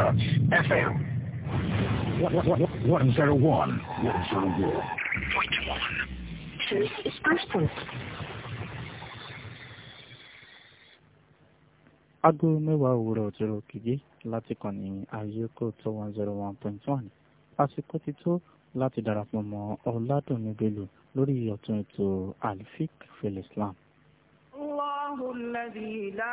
Charge FM. 101. 101. Point one. Choose dispersal. Aago mẹ́wàá òwúrọ̀ òjòrò kìí láti kàn ní àyíkò tó one zero one point one. Àsìkò ti tó láti darapọ̀ mọ́ Ọládùnní Bello lórí ọ̀tún ètò Alifik Filislam. Allahu alladhi la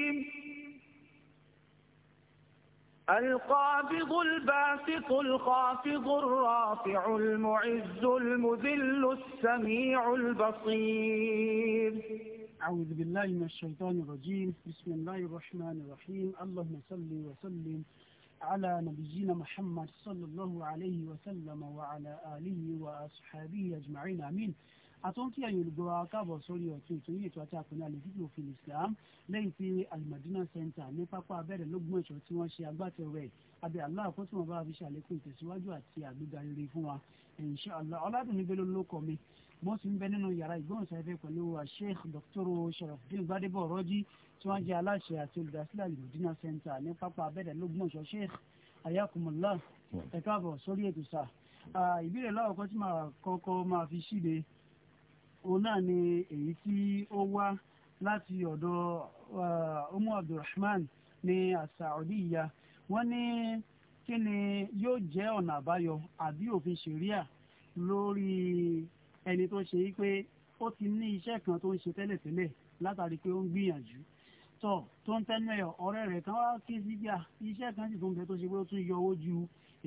القابض الباسط الخافض الرافع المعز المذل السميع البصير أعوذ بالله من الشيطان الرجيم بسم الله الرحمن الرحيم اللهم صل وسلم على نبينا محمد صلى الله عليه وسلم وعلى آله وأصحابه أجمعين آمين àtúntí ẹ̀yìn olùgbọ́ akáàbọ̀ sórí ọ̀tún ìtòyí ètò àti àpẹẹrẹ àlejò òfin Islam lẹ́yìn tí alimadina Center ní pápá abẹ́rẹ́ lógún ẹ̀ṣọ́ tí wọ́n ṣe agbátẹrù ẹ̀ abẹ́ Allah kó tí wọ́n bá fi ṣàlékún ìtẹ̀síwájú àti àgbéga rere fún wa Insha Allah ọ̀làdùnní bẹ́ẹ̀ ló kọ́ mi mo sì ń bẹ nínú yàrá ìgbóhùnsáfẹ́ pẹ̀lú Sheikh Dr. Sharafdin Gbadebo Ọ̀rọ́jì tí wọ́n jẹ́ aláṣẹ àti olùdásílẹ̀ al Center ní pápá abẹ́rẹ́ lógún Sheikh ayakumullah ẹ káàbọ̀ sórí ètò sáà ìbéèrè láwùkọ́ tí màá kọ́kọ́ máa fi ṣíde òun náà ni èyí tí ó wá láti ọ̀dọ̀ umu abdulrahman ní asaudiya wọ́n ní kí ni yóò jẹ́ ọ̀nà àbáyọ àbí òfin ṣẹ̀ríà lórí ẹni tó ṣe pé ó ti ní iṣẹ́ kan tó ń ṣe tẹ́lẹ̀tẹ́lẹ̀ látàrí pé ó ń gbìyànjú tọ̀ tó ń tẹ́nu ẹ̀ ọ̀rẹ́ rẹ̀ kan wá ké sí bíà iṣẹ́ kan sì tó ń bẹ tó ṣe pé ó tún yọ owó ju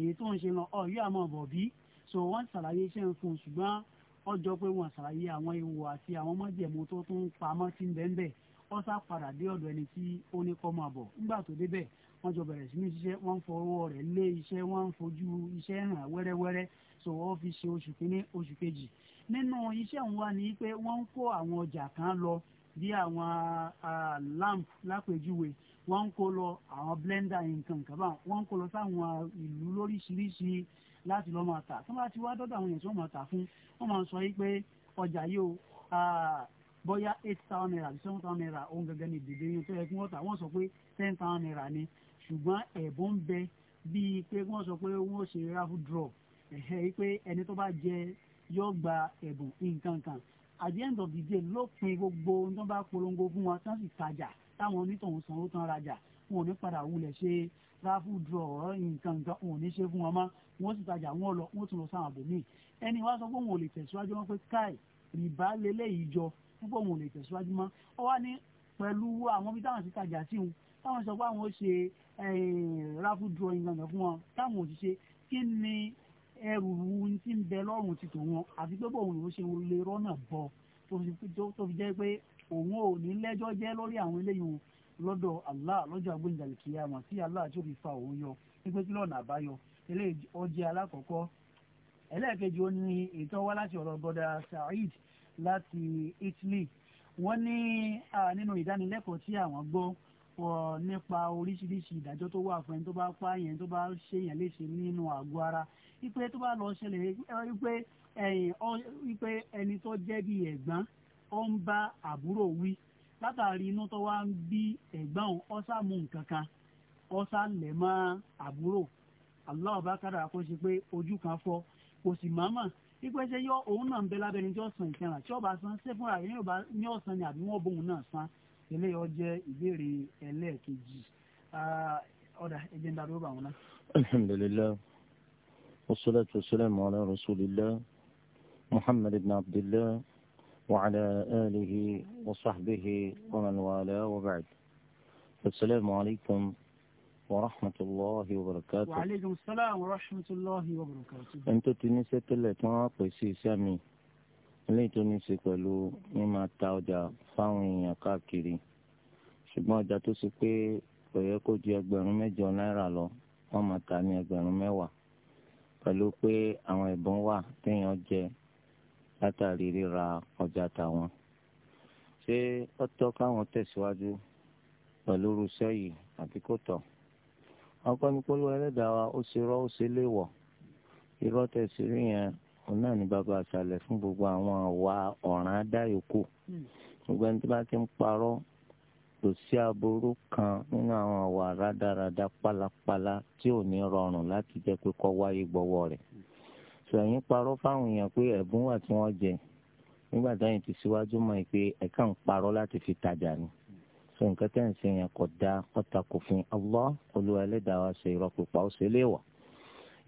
èyí tó ń ṣe lọ ọ̀yọ́ àmọ́ bọ̀ bí so wọ́n ṣàlàyé iṣẹ́ ń fún un ṣùgbọ́n wọ́n jọ pé wọ́n ṣàlàyé àwọn ewu àti àwọn mọ́jẹ̀mú tó tún pamọ́ sí bẹ́ẹ̀ wọ́n sá padà dé ọ̀dọ̀ ẹni tí ó ní kọ́ máa bọ̀ nígbà tó débẹ̀ wọ́n jọ bẹ̀rẹ̀ sí ní ṣiṣẹ́ wọ́n ń fọwọ́ rẹ̀ lé iṣẹ́ wọ́n ń fojú iṣẹ́ hàn wẹ́rẹ́wẹ́rẹ́ so wọ́n fi ṣe oṣù kínní oṣù kejì nínú iṣẹ́ òun wá ní pé wọ́n ń kó àwọn ọjà kan lọ bí àwọn lamp lápèjúwe wọ́n ń kó lọ àwọn blender nǹkan kan báwọn wọ́n ń kó lọ sáwọn ìlú lóríṣiríṣi láti lọ́ máa tà tó bá ti wá dọ́dọ̀ àwọn èèyàn tí wọ́n máa tà fún wọ́n máa sọ pé ọjà yìí o bóyá eight thousand naira àti seven thousand naira òun gẹ́gẹ́ ni dèdè yín tó yẹ kí wọ́n tà wọ́n sọ pé ten thousand naira ni ṣùgbọ́n ẹ̀bùn ń bẹ bíi pé wọ́n sọ pé wọ́n ṣe raffle draw ẹ̀hẹ́ pé ẹni tó bá jẹ yóò gba ẹ̀bùn nǹkan kan at the end of the day lópin gbogbo ohun tó bá polongo fún wọn tán sì tajà táwọn onítọ̀hún sanwó tán rajà wọn ò ní padà wulẹ̀ ṣe tráfù dùrọ̀ nǹkan nǹkan òun ní ṣe fún wọn mọ́ wọ́n sì tajà wọ́n lọ wọ́n tún lọ sáwọn àbòmíì ẹni wá sọ pé òun ò lè tẹ̀síwájú wọn pé káì rìbá lélẹ́yìí jọ púpọ̀ òun ò lè tẹ̀síwájú mọ́ ọ wá ní pẹ̀lú àwọn bí táwọn ti tajà sí wọn táwọn sọ pé àwọn ó ṣe eh, ráfù dùrọ̀ nǹkan nǹkan fún wọn táwọn ò ti ṣe kí ni ẹrù tí ń bẹ lọ́rùn ti tò wọn lọ́dọ̀ Allah lọ́jọ́ àgbéǹdàlẹ̀ kìyàmọ̀ sí Allah tó fi fa òun yọ pípé kí lọ́nà àbáyọ eléyìí ó jẹ́ alákọ̀ọ́kọ́ ẹlẹ́ẹ̀kejì ó ní ètò wá láti ọ̀rọ̀ bọ́dà Saeed láti Italy wọ́n ní nínú ìdánilẹ́kọ̀ọ́ tí àwọn gbọ́ nípa oríṣiríṣi ìdájọ́ tó wà fún ẹni tó bá pààyàn tó bá ṣèyàn léṣe nínú àgọ́ ara wípé tó bá lọ ṣẹlẹ̀ wípé ẹni tó jẹ́ bíi ẹ̀gbọ́n ó ń bá àbúrò wí látàrí inú tó wá ń bí ẹ̀gbọ́n ọ̀sà mú nǹkan kan ọ̀sà lẹ̀ mọ́ àbúrò Allah bá kára kó ṣe pé ojú kan fọ́ kò sì máma pípẹ́sẹ́ yọ òun náà ń bẹ lábẹ́ni tí ọ̀sán ìkẹràn tí ọba san ṣé fúnra rẹ̀ ní ọ̀sán ni àbí wọ́n bóun náà san eléyọ jẹ́ ìbéèrè ẹlẹ́ẹ̀kejì ọ̀dà ẹ̀jẹ̀ ń darúgbà wọn náà. alhamdulillah wassalatu wassalamu ala rasulillah muhammad ibn abdillah. وعلى آله وصحبه ومن والاه وبعد السلام عليكم ورحمة الله وبركاته وعليكم السلام ورحمة الله وبركاته أنت تنسى تلتنا قيسي سامي ilé tó ní ṣe pẹ̀lú mímọ ta ọjà fáwọn èèyàn káàkiri ṣùgbọ́n ọjà tó ṣe pé kò yẹ kó ju ẹgbẹ̀rún mẹ́jọ náírà lọ wọ́n máa ta ní ẹgbẹ̀rún mẹ́wàá pẹ̀lú pé àwọn ẹ̀bùn wà téèyàn jẹ látàrí ríra ọjà tàwọn ṣé ó tọ́ káwọn tẹ̀síwájú pẹ̀lú irúṣẹ́ yìí àbí kò tọ́ ọkọ ní polówó ẹlẹ́dàá wa ó ṣe rọ́ ó ṣe léwọ̀ irọ́ tẹ̀sí rí yẹn òun náà ní bàbá àṣàlẹ̀ fún gbogbo àwọn àwa ọ̀ràn adáyòkù hmm. gbogbo ẹni tí bá ti ń parọ́ kò sí aburú kan nínú àwọn àwa rádaràda pálapàla tí ò ní rọrùn láti jẹ́ pé kọ́ wáyé gbọ́wọ́ rẹ̀. Hmm sọ ẹ̀yin parọ́ fáwọn èèyàn pé ẹ̀bùn wà tí wọ́n jẹ nígbà táyìn ti síwájú mọ̀ pé ẹ̀ka ń parọ́ láti fi tajà ni sọ nǹkan tẹ́ ń ṣe yẹn kò dáa ọ̀tà kò fin Allah olúwa ẹlẹ́dàá wa ṣe irọ́ pípa ó ṣe léèwọ̀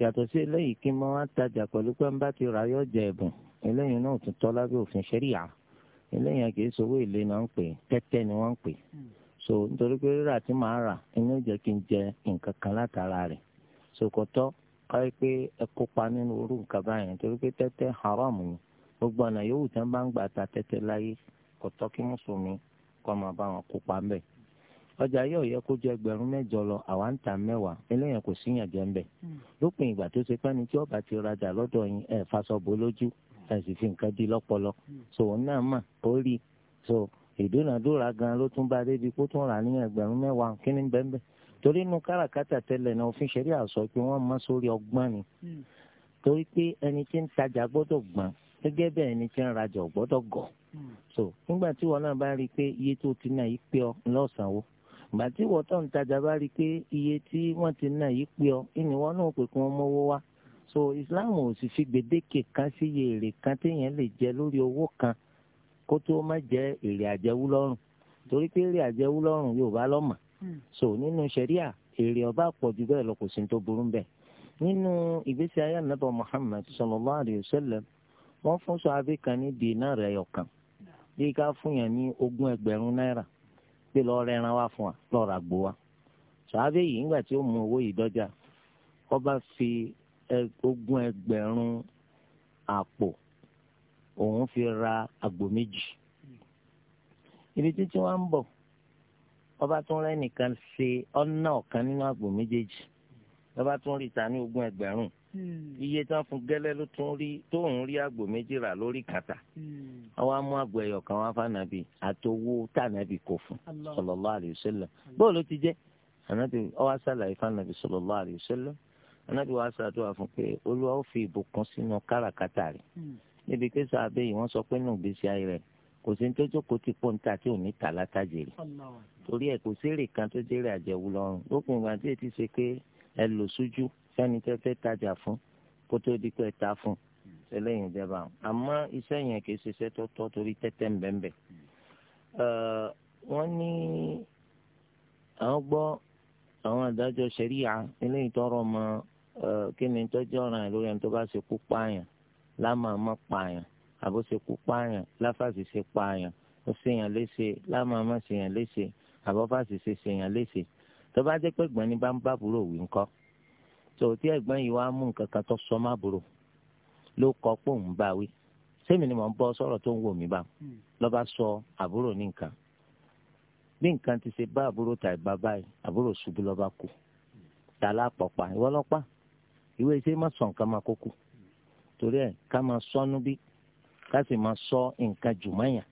yàtọ̀ sí eléyìí kí n máa tajà pẹ̀lú pé ń bá ti rà yọ jẹ ẹ̀bùn eléyìí náà tún tọ́ lábẹ́ òfin ṣẹ́ríyà eléyìí kì í sowó ìlé náà ń pè tẹ́tẹ́ ni wọ́n ń pè so nítorí pé rírà tí màá rà inú jẹ́ kí n jẹ nǹkan kan látara rẹ̀ so kò káyọ̀ pé ẹ kópa nínú orú nǹkan báyẹn torí pé tẹ́tẹ́ haram ni gbogbo ọ̀nà yòówù tí wọ́n bá ń gbà ta tẹ́tẹ́ láyé kò tọ́ kí mùsùlùmí kọ́ máa bá wọn kópa ńbẹ̀. ọjà yóò yẹ kó jẹ ẹgbẹ̀rún mẹ́jọ lọ àwa ń ta mẹ́wàá eléyàn kò síyàn jẹ́ ńbẹ̀. Hmm. lópin ìgbà tó ṣe pẹ́ni tí ọba ti rajà lọ́dọ̀ yín ẹ̀ fasọ̀bọ lójú ẹ̀ sì fi nǹkan di lọ́pọlọ. Hmm. so òun náà mà so ìdúnàdúrà gan ló tún bá débi kó tún rà ní ẹgbẹ̀rún mẹ́wàá kí torí inú káràkátà tẹ́lẹ̀ náà òfin ṣẹ̀rí àṣọ pé wọ́n mọ sórí ọgbọ́n ni hmm. torí pé ẹni tí ń tajà gbọ́dọ̀ gbọ́n gẹ́gẹ́ bẹ́ẹ̀ ẹni tí ń rajà gbọ́dọ̀ gọ̀ hmm. so nígbà tí wọn náà bá rí i pé iye tó ti ná yìí pé ọ lọ́sàn-án ìgbà tí wọ́n tó ń tajà bá rí i pé iye tí wọ́n ti ná yìí pé ọ ìníwọ́n náà pè kí wọ́n mówó wá so Islam ò sì fi gbèdéke kan sí iye èrè kan téèyàn lè jẹ lórí owó kan kó tó má jẹ èrè àjẹwú torí pé èrè àjẹwú lọ́rùn Yorùbá lọ́mọ̀ Hmm. so nínú ṣẹ̀ríà èrè ọba àpọ̀jù bẹ́ẹ̀ lọ kò sí tó burú bẹ́ẹ̀ nínú ìgbésí ayé ànábọ̀ Muhammad sallallahu alayhi wọ́n fún sọ abẹ́ kan ní dinar ẹyọkan bí ká fún yàn ní ogún ẹgbẹ̀rún náírà pé lọ́ọ́ rẹran wá fún wa lọ́ọ́ ra gbó wa sọ abẹ́ yìí ńgbà tí ó mú owó yìí dọ́jà bá fi ogún ẹgbẹ̀rún àpò òun fi ra àgbò méjì ibi títí wọn ń bọ̀ ọba tún rẹ nìkan ṣe ọ̀nà ọ̀kan nínú àgbò méjèèjì ọba tún rí ta ní ogún ẹgbẹ̀rún hmm. iye tán fún gẹ́lẹ́ ló tún rí tóun rí àgbò méjì rà lórí kàtà hmm. àwa mú àgbò ẹyọ kan wá fànàbì àtowó tànàbì kò fún sallallahu alaihi wasallam bóò ló ti jẹ́ ànábì ọwọ́ sàlàyé fànàbì sallallahu alaihi wasallam ànábì wàá ṣàdúrà pé olúwa ó fi ìbùkún sínú káràkátà rẹ̀ hmm. níbi pé sábẹ́ wọ́n sọ pé nù gbèsè ayé rẹ̀ kò sí tó jókòó ti pọ̀ níta tí ò ní tà látàjèrè torí ẹ̀ kò sérè kan tó jẹ́rè àjẹwò lọ́rùn lópin ìgbà tí ètí ṣe pé ẹ lò sójú fẹ́ni tẹ́ fẹ́ tajà fún kó tó di pé ẹ ta fún ẹlẹ́yìn ìjẹba àmọ́ iṣẹ́ yẹn kì í ṣiṣẹ́ tó tọ́ torí tẹ́tẹ́ ńbẹ́ńbẹ́ wọ́n ní àwọn gbọ́ àwọn adájọ́ ṣẹ̀ríyà eléyìí tọrọ mọ́ kí ni tọ́jú ọ̀ràn lórí ẹni tó bá ṣe pààyàn lámàá àbóṣekú pààyàn láfàṣì ṣe pààyàn ó ṣèyàn léṣe lámàmá ṣèyàn léṣe àbọ̀fàṣì ṣe ṣèyàn léṣe tó bá jẹ́ pé gbọ́n ní bá ń bàbúrò wí ńkọ́ tó tí ẹ̀gbọ́n yìí wá mú nǹkan kan tó sọ má búrò ló kọ́ pé òun bá wí sẹ́mi ni mò ń bọ́ sọ̀rọ̀ tó ń wò mí bá hmm. lọ́ba sọ àbúrò ní nǹkan bí nǹkan ti ṣe bá àbúrò tàì bá báyìí àbúrò ṣubú lọ́ba kú ta lápọ̀pá ìwọ lọ́pàá ìwé iṣẹ́ má sọ nǹkan máa kókò torí ẹ̀ ká máa sọ́nú bí ká sì máa sọ nǹkan jùmọ̀yàn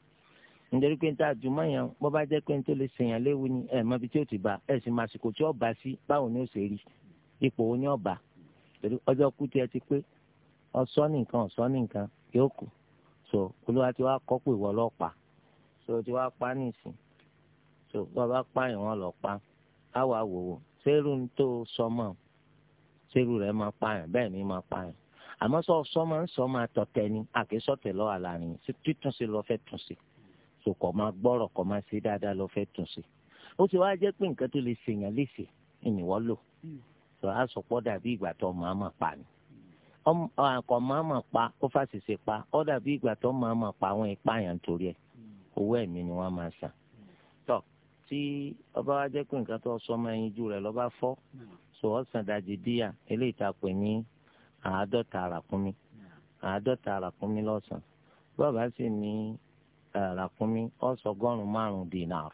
nítorí pé níta jùmọ̀yàn bó bá jẹ́ pé ní tó lè ṣèyàn léwu ni ẹ̀ mọ́bi tí ó ti bá ẹ̀ sì máa sìkò tí ó bá sí báwo ni ó ṣe rí ipò wo ni ó torí ọjọ́ kú tiẹ̀ ti pé ọ̀sọ́ nìkan ọ̀sọ́ nìkan yóò kù so olúwa ti wá kọ́ pé ìwọ ọlọ́pàá so ti wá pa nìsín so bó bá pààyàn wọn lọ pa á wà wò ó sẹ́rù tó sọmọ sẹ́rù rẹ̀ máa pààyàn bẹ́ẹ̀ ni máa pààyàn àmọ́ sọ sọ́mọ ń sọ́mọ àtọ̀tẹ̀ ni àkésọ̀tẹ̀ lọ́wọ́ àlàrin títúnṣe lọ́ọ́ fẹ́ túnṣe sòkò máa gbọ́rọ̀ kọ́ máa ṣe dáadáa lọ́ọ́ fẹ́ túnṣe ó ti wá jẹ́ pé nǹkan tó lè ṣèyàn léṣe ìníwọ́ lò sọ àsopọ̀ dàbí ìgbà tó máa máa pa ni ọkọ̀ máa máa pa ó fàṣìṣe pa ó dàbí ìgbà tó máa máa pa àwọn ìpààyàn torí ẹ̀ owó ẹ̀mí ni wọ́n máa san tọ́ tí ọba wa jẹ́ pé nǹkan tó sọ ọmọ ẹyin ju rẹ̀ lọ́ba àádọ́ta ràkúnmí àádọ́ta ràkúnmí lọ́sàn bọ́ọ̀bá sì ní ràkúnmí ọ̀sọ̀ ọgọ́rùn-ún márùn-ún dinar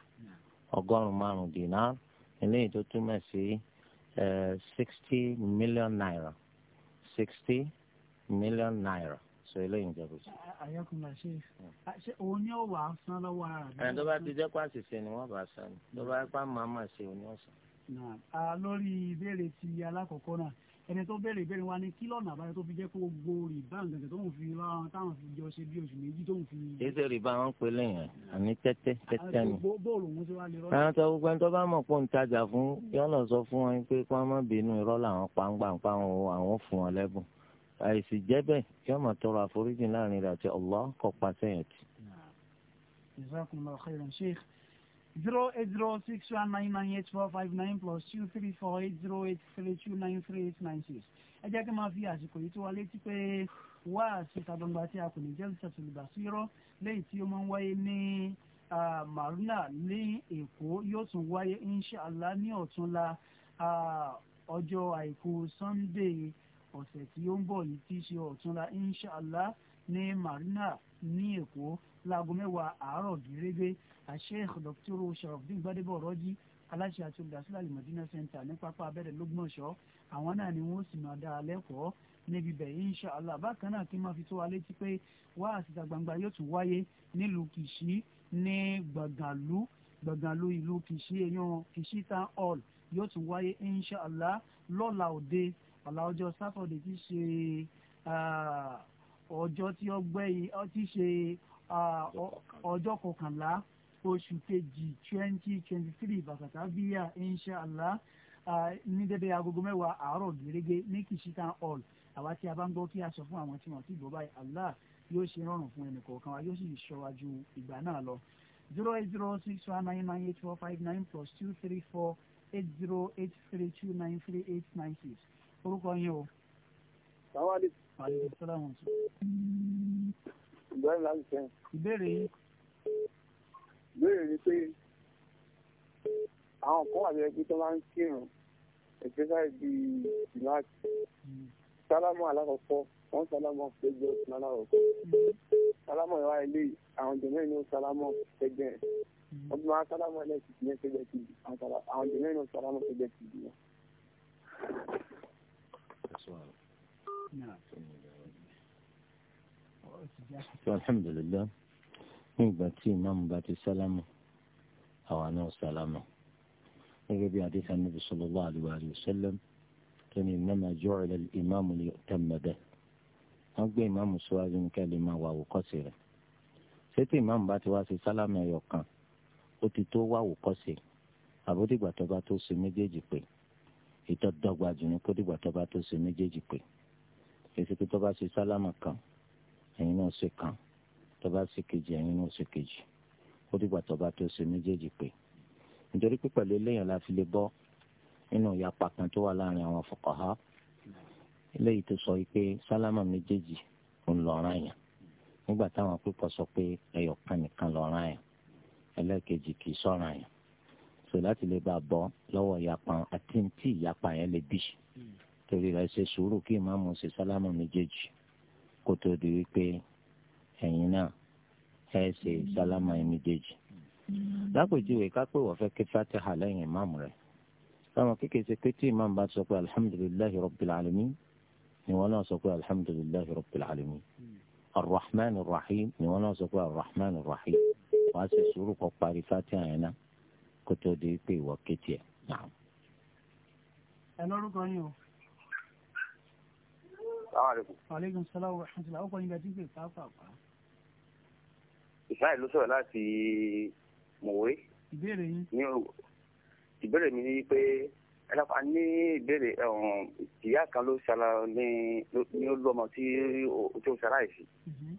ọgọ́rùn-ún márùn-ún dinar eléyìí tó túmọ̀ sí sixty million naira sixty million naira sọ eléyìí ń jẹ́bù sí. ṣe ṣe òun ni ó wà á san lọ́wọ́ ara rẹ̀. ẹ̀ tó bá ti jẹ́ àṣìṣe ni wọ́n bá san bá pa màmá ṣe òun ni ó san. ti alákọ̀ọ́kọ́ ẹni tó bẹ̀rẹ̀ ìbẹ̀rẹ̀ wa ni kí lọ́nà àbáyọ tó fi jẹ́ kó gbó rìbá nǹkan tó ń fi láwọn táwọn fi jọ ṣe bí oṣù méjì tó ń fi. kéṣe rìbá wọn pe lẹ́yìn àní tẹ́tẹ́ tẹ́tẹ́ ni. bóòlù ń ṣe wá lè rọ́ọ̀lù. àwọn tó gbogbo ẹni tó bá mọ̀ pé ń tajà fún yọ́nà sọ fún wọn pé kí wọ́n má bínú irọ́ làwọn pàǹgbà pàwọn àwọn fún wọn lẹ́bùn àìsí jẹ́ bẹ́ẹ̀ kí wọ́n máa tọrọ àforíjì láàrin rẹ̀ àti Allah kọ̀ pàṣẹ yẹn ti zero eight zero six one nine nine eight four five nine plus two three four eight zero eight three two nine three eight nine six ẹ jẹ́ kí n máa fi àsìkò yìí tó wa létí pé wá síta gbangba tí a kò ní jẹ́rìí ṣàtúnlùbà sí irọ́ lẹ́yìn tí ó máa ń wáyé ní marina ní èkó yóò tún wáyé inṣàlá ní ọ̀túnla ọjọ́ àìkú sunday ọ̀sẹ̀ tí ó ń bọ̀ yìí tí í ṣe ọ̀túnla inṣàlá ní marina ní èkó láago mẹ́wàá àárọ̀ gírégé Sheikh Dr. Sharafdin Gbadebo Ọ̀rọ́jì aláṣẹ àti olùdásílẹ̀ alimọ̀dínà center ní pápá abẹ́rẹ́ lọ́gbọ̀nsọ́ àwọn náà ni wọ́n sì máa dá a lẹ́kọ̀ọ́ níbi bẹ̀ yìí inshallah bákan náà kí n máa fi tó wa létí pé wá àsìta gbangba yóò tún wáyé nílùú Kìṣí ní gbàgàlú gbàgàlú ìlú Kìṣí èèyàn Kìṣí town hall yóò tún wáyé inshallah lọ́la òde ọ̀la ọjọ́ sátọ̀dẹ̀ tí ṣe ah, ọjọ́ tí ó gbẹ̀yìn ó ti ṣe ọjọ́ kọkànlá oṣù kejì twenty twenty three bàkàtà bíyà inshàlá ní dédé agogo mẹ́wàá àárọ̀ gẹ́gẹ́ ní kìsìtà hall àwa tí a bá ń gbọ́ kí a sọ fún àwọn tí wọ́n ti gbọ́ báyìí allah yóò ṣe rọrùn fún ẹnì kọ̀ọ̀kan wa yóò sì ṣọwájú ìgbà náà lọ zero eight zero six one nine nine eight four five nine plus two three four eight zero eight three two nine three eight nine six orúkọ yín o. sàwọn ìbéèrè láti sẹ́yìn. ìbéèrè yìí. ìbéèrè ni pé àwọn kan wà lẹ́yìn pé tó máa ń kírun especially bíi ìmáàtì sálámù alákọ̀ọ́kọ́ wọ́n sálámù ọ̀fẹ́jọ́ alákọ̀ọ́kọ́ hmm. sálámù ìwà ilé àwọn jẹ̀mẹ́ ni ó sálámù ọ̀fẹ́jẹ́ hmm. wọ́n ti máa sálámù ẹlẹ́sìtì yẹn fẹ́jẹ́ ti di àwọn jẹ̀mẹ́ ni sálámù ọ̀fẹ́jẹ́ ti di wọn alhamdulilayi ní ìgbà tí ìmáàmù bá ti sálámù àwa náà sálámù gẹ́gẹ́ bí adéka níbi sallallahu alaihi wa sallam tó ní innama ju'ila al-imamu liyu'tamma bihi wọ́n gbé ìmáàmù síwájú nìkan lè máa wà àwòkọ́sí rẹ̀ sétí ìmáàmù bá ti wá sí sálámù ẹ̀yọ̀ kan ó ti tó wà àwòkọ́sí àbódìgbà tó bá tó ṣe méjèèjì pé ìtọ́dọ́gba jù ní kó dìgbà tó bá tó ṣe méjèèjì pé èsì pé tó bá ṣe sálámà kan ẹ̀yin náà ṣe kan tó bá ṣe kejì ẹ̀yin náà ṣe kejì ó dìgbà tó bá tó ṣe méjèèjì pé nítorí pé pẹ̀lú eléyàn la fi lè bọ́ nínú ìyapa kan tó wà láàrin àwọn fuqaha eléyìí tó sọ pé sálámà méjèèjì ń lọ́ràn yẹn nígbà táwọn púpọ̀ sọ pé ẹyọ̀kan nìkan lọ́ràn yẹn ẹlẹ́ẹ̀kejì kì í sọ̀ràn yẹn sọ láti lè bá bọ́ lọ́wọ́ ìyapa àti tí ìyapa yẹn lè bì torí rẹ̀ ṣe sùúrù kí ìmáàmù ṣe sálámù méjèèjì kó tó di wípé ẹ̀yin náà ẹ ṣe sálámù méjèèjì. lápèjúwe kápẹ́ wọ́n fẹ́ kí fatiha lẹ́yìn ìmáàmù rẹ̀ táwọn kékeré ṣe pé tí ìmáàmù bá sọ pé alhamdulilayi rabbil alamin ni wọn náà sọ pé alhamdulilayi rabbil alamin arrahman rahim ni wọn náà sọ pé arrahman rahim wàá ṣe sùúrù kó parí fatiha yẹn náà kó tó di wípé ìwọ kéjì ẹ̀ náà. ẹ lórúkọ yín o aleykum salaam wa rahmatulah ọkọ nígbà tí ń pè fáfàfà. ìsáyẹ̀ ló sọ̀rọ̀ láti mọ̀wé. ìbéèrè yín. ní ìbéèrè mi ni pé ẹlẹ́pà ní ìbéèrè um, ìyá kan ló ṣala ní ló lọ́mọ tí ó ṣaláìsí mm-hmm.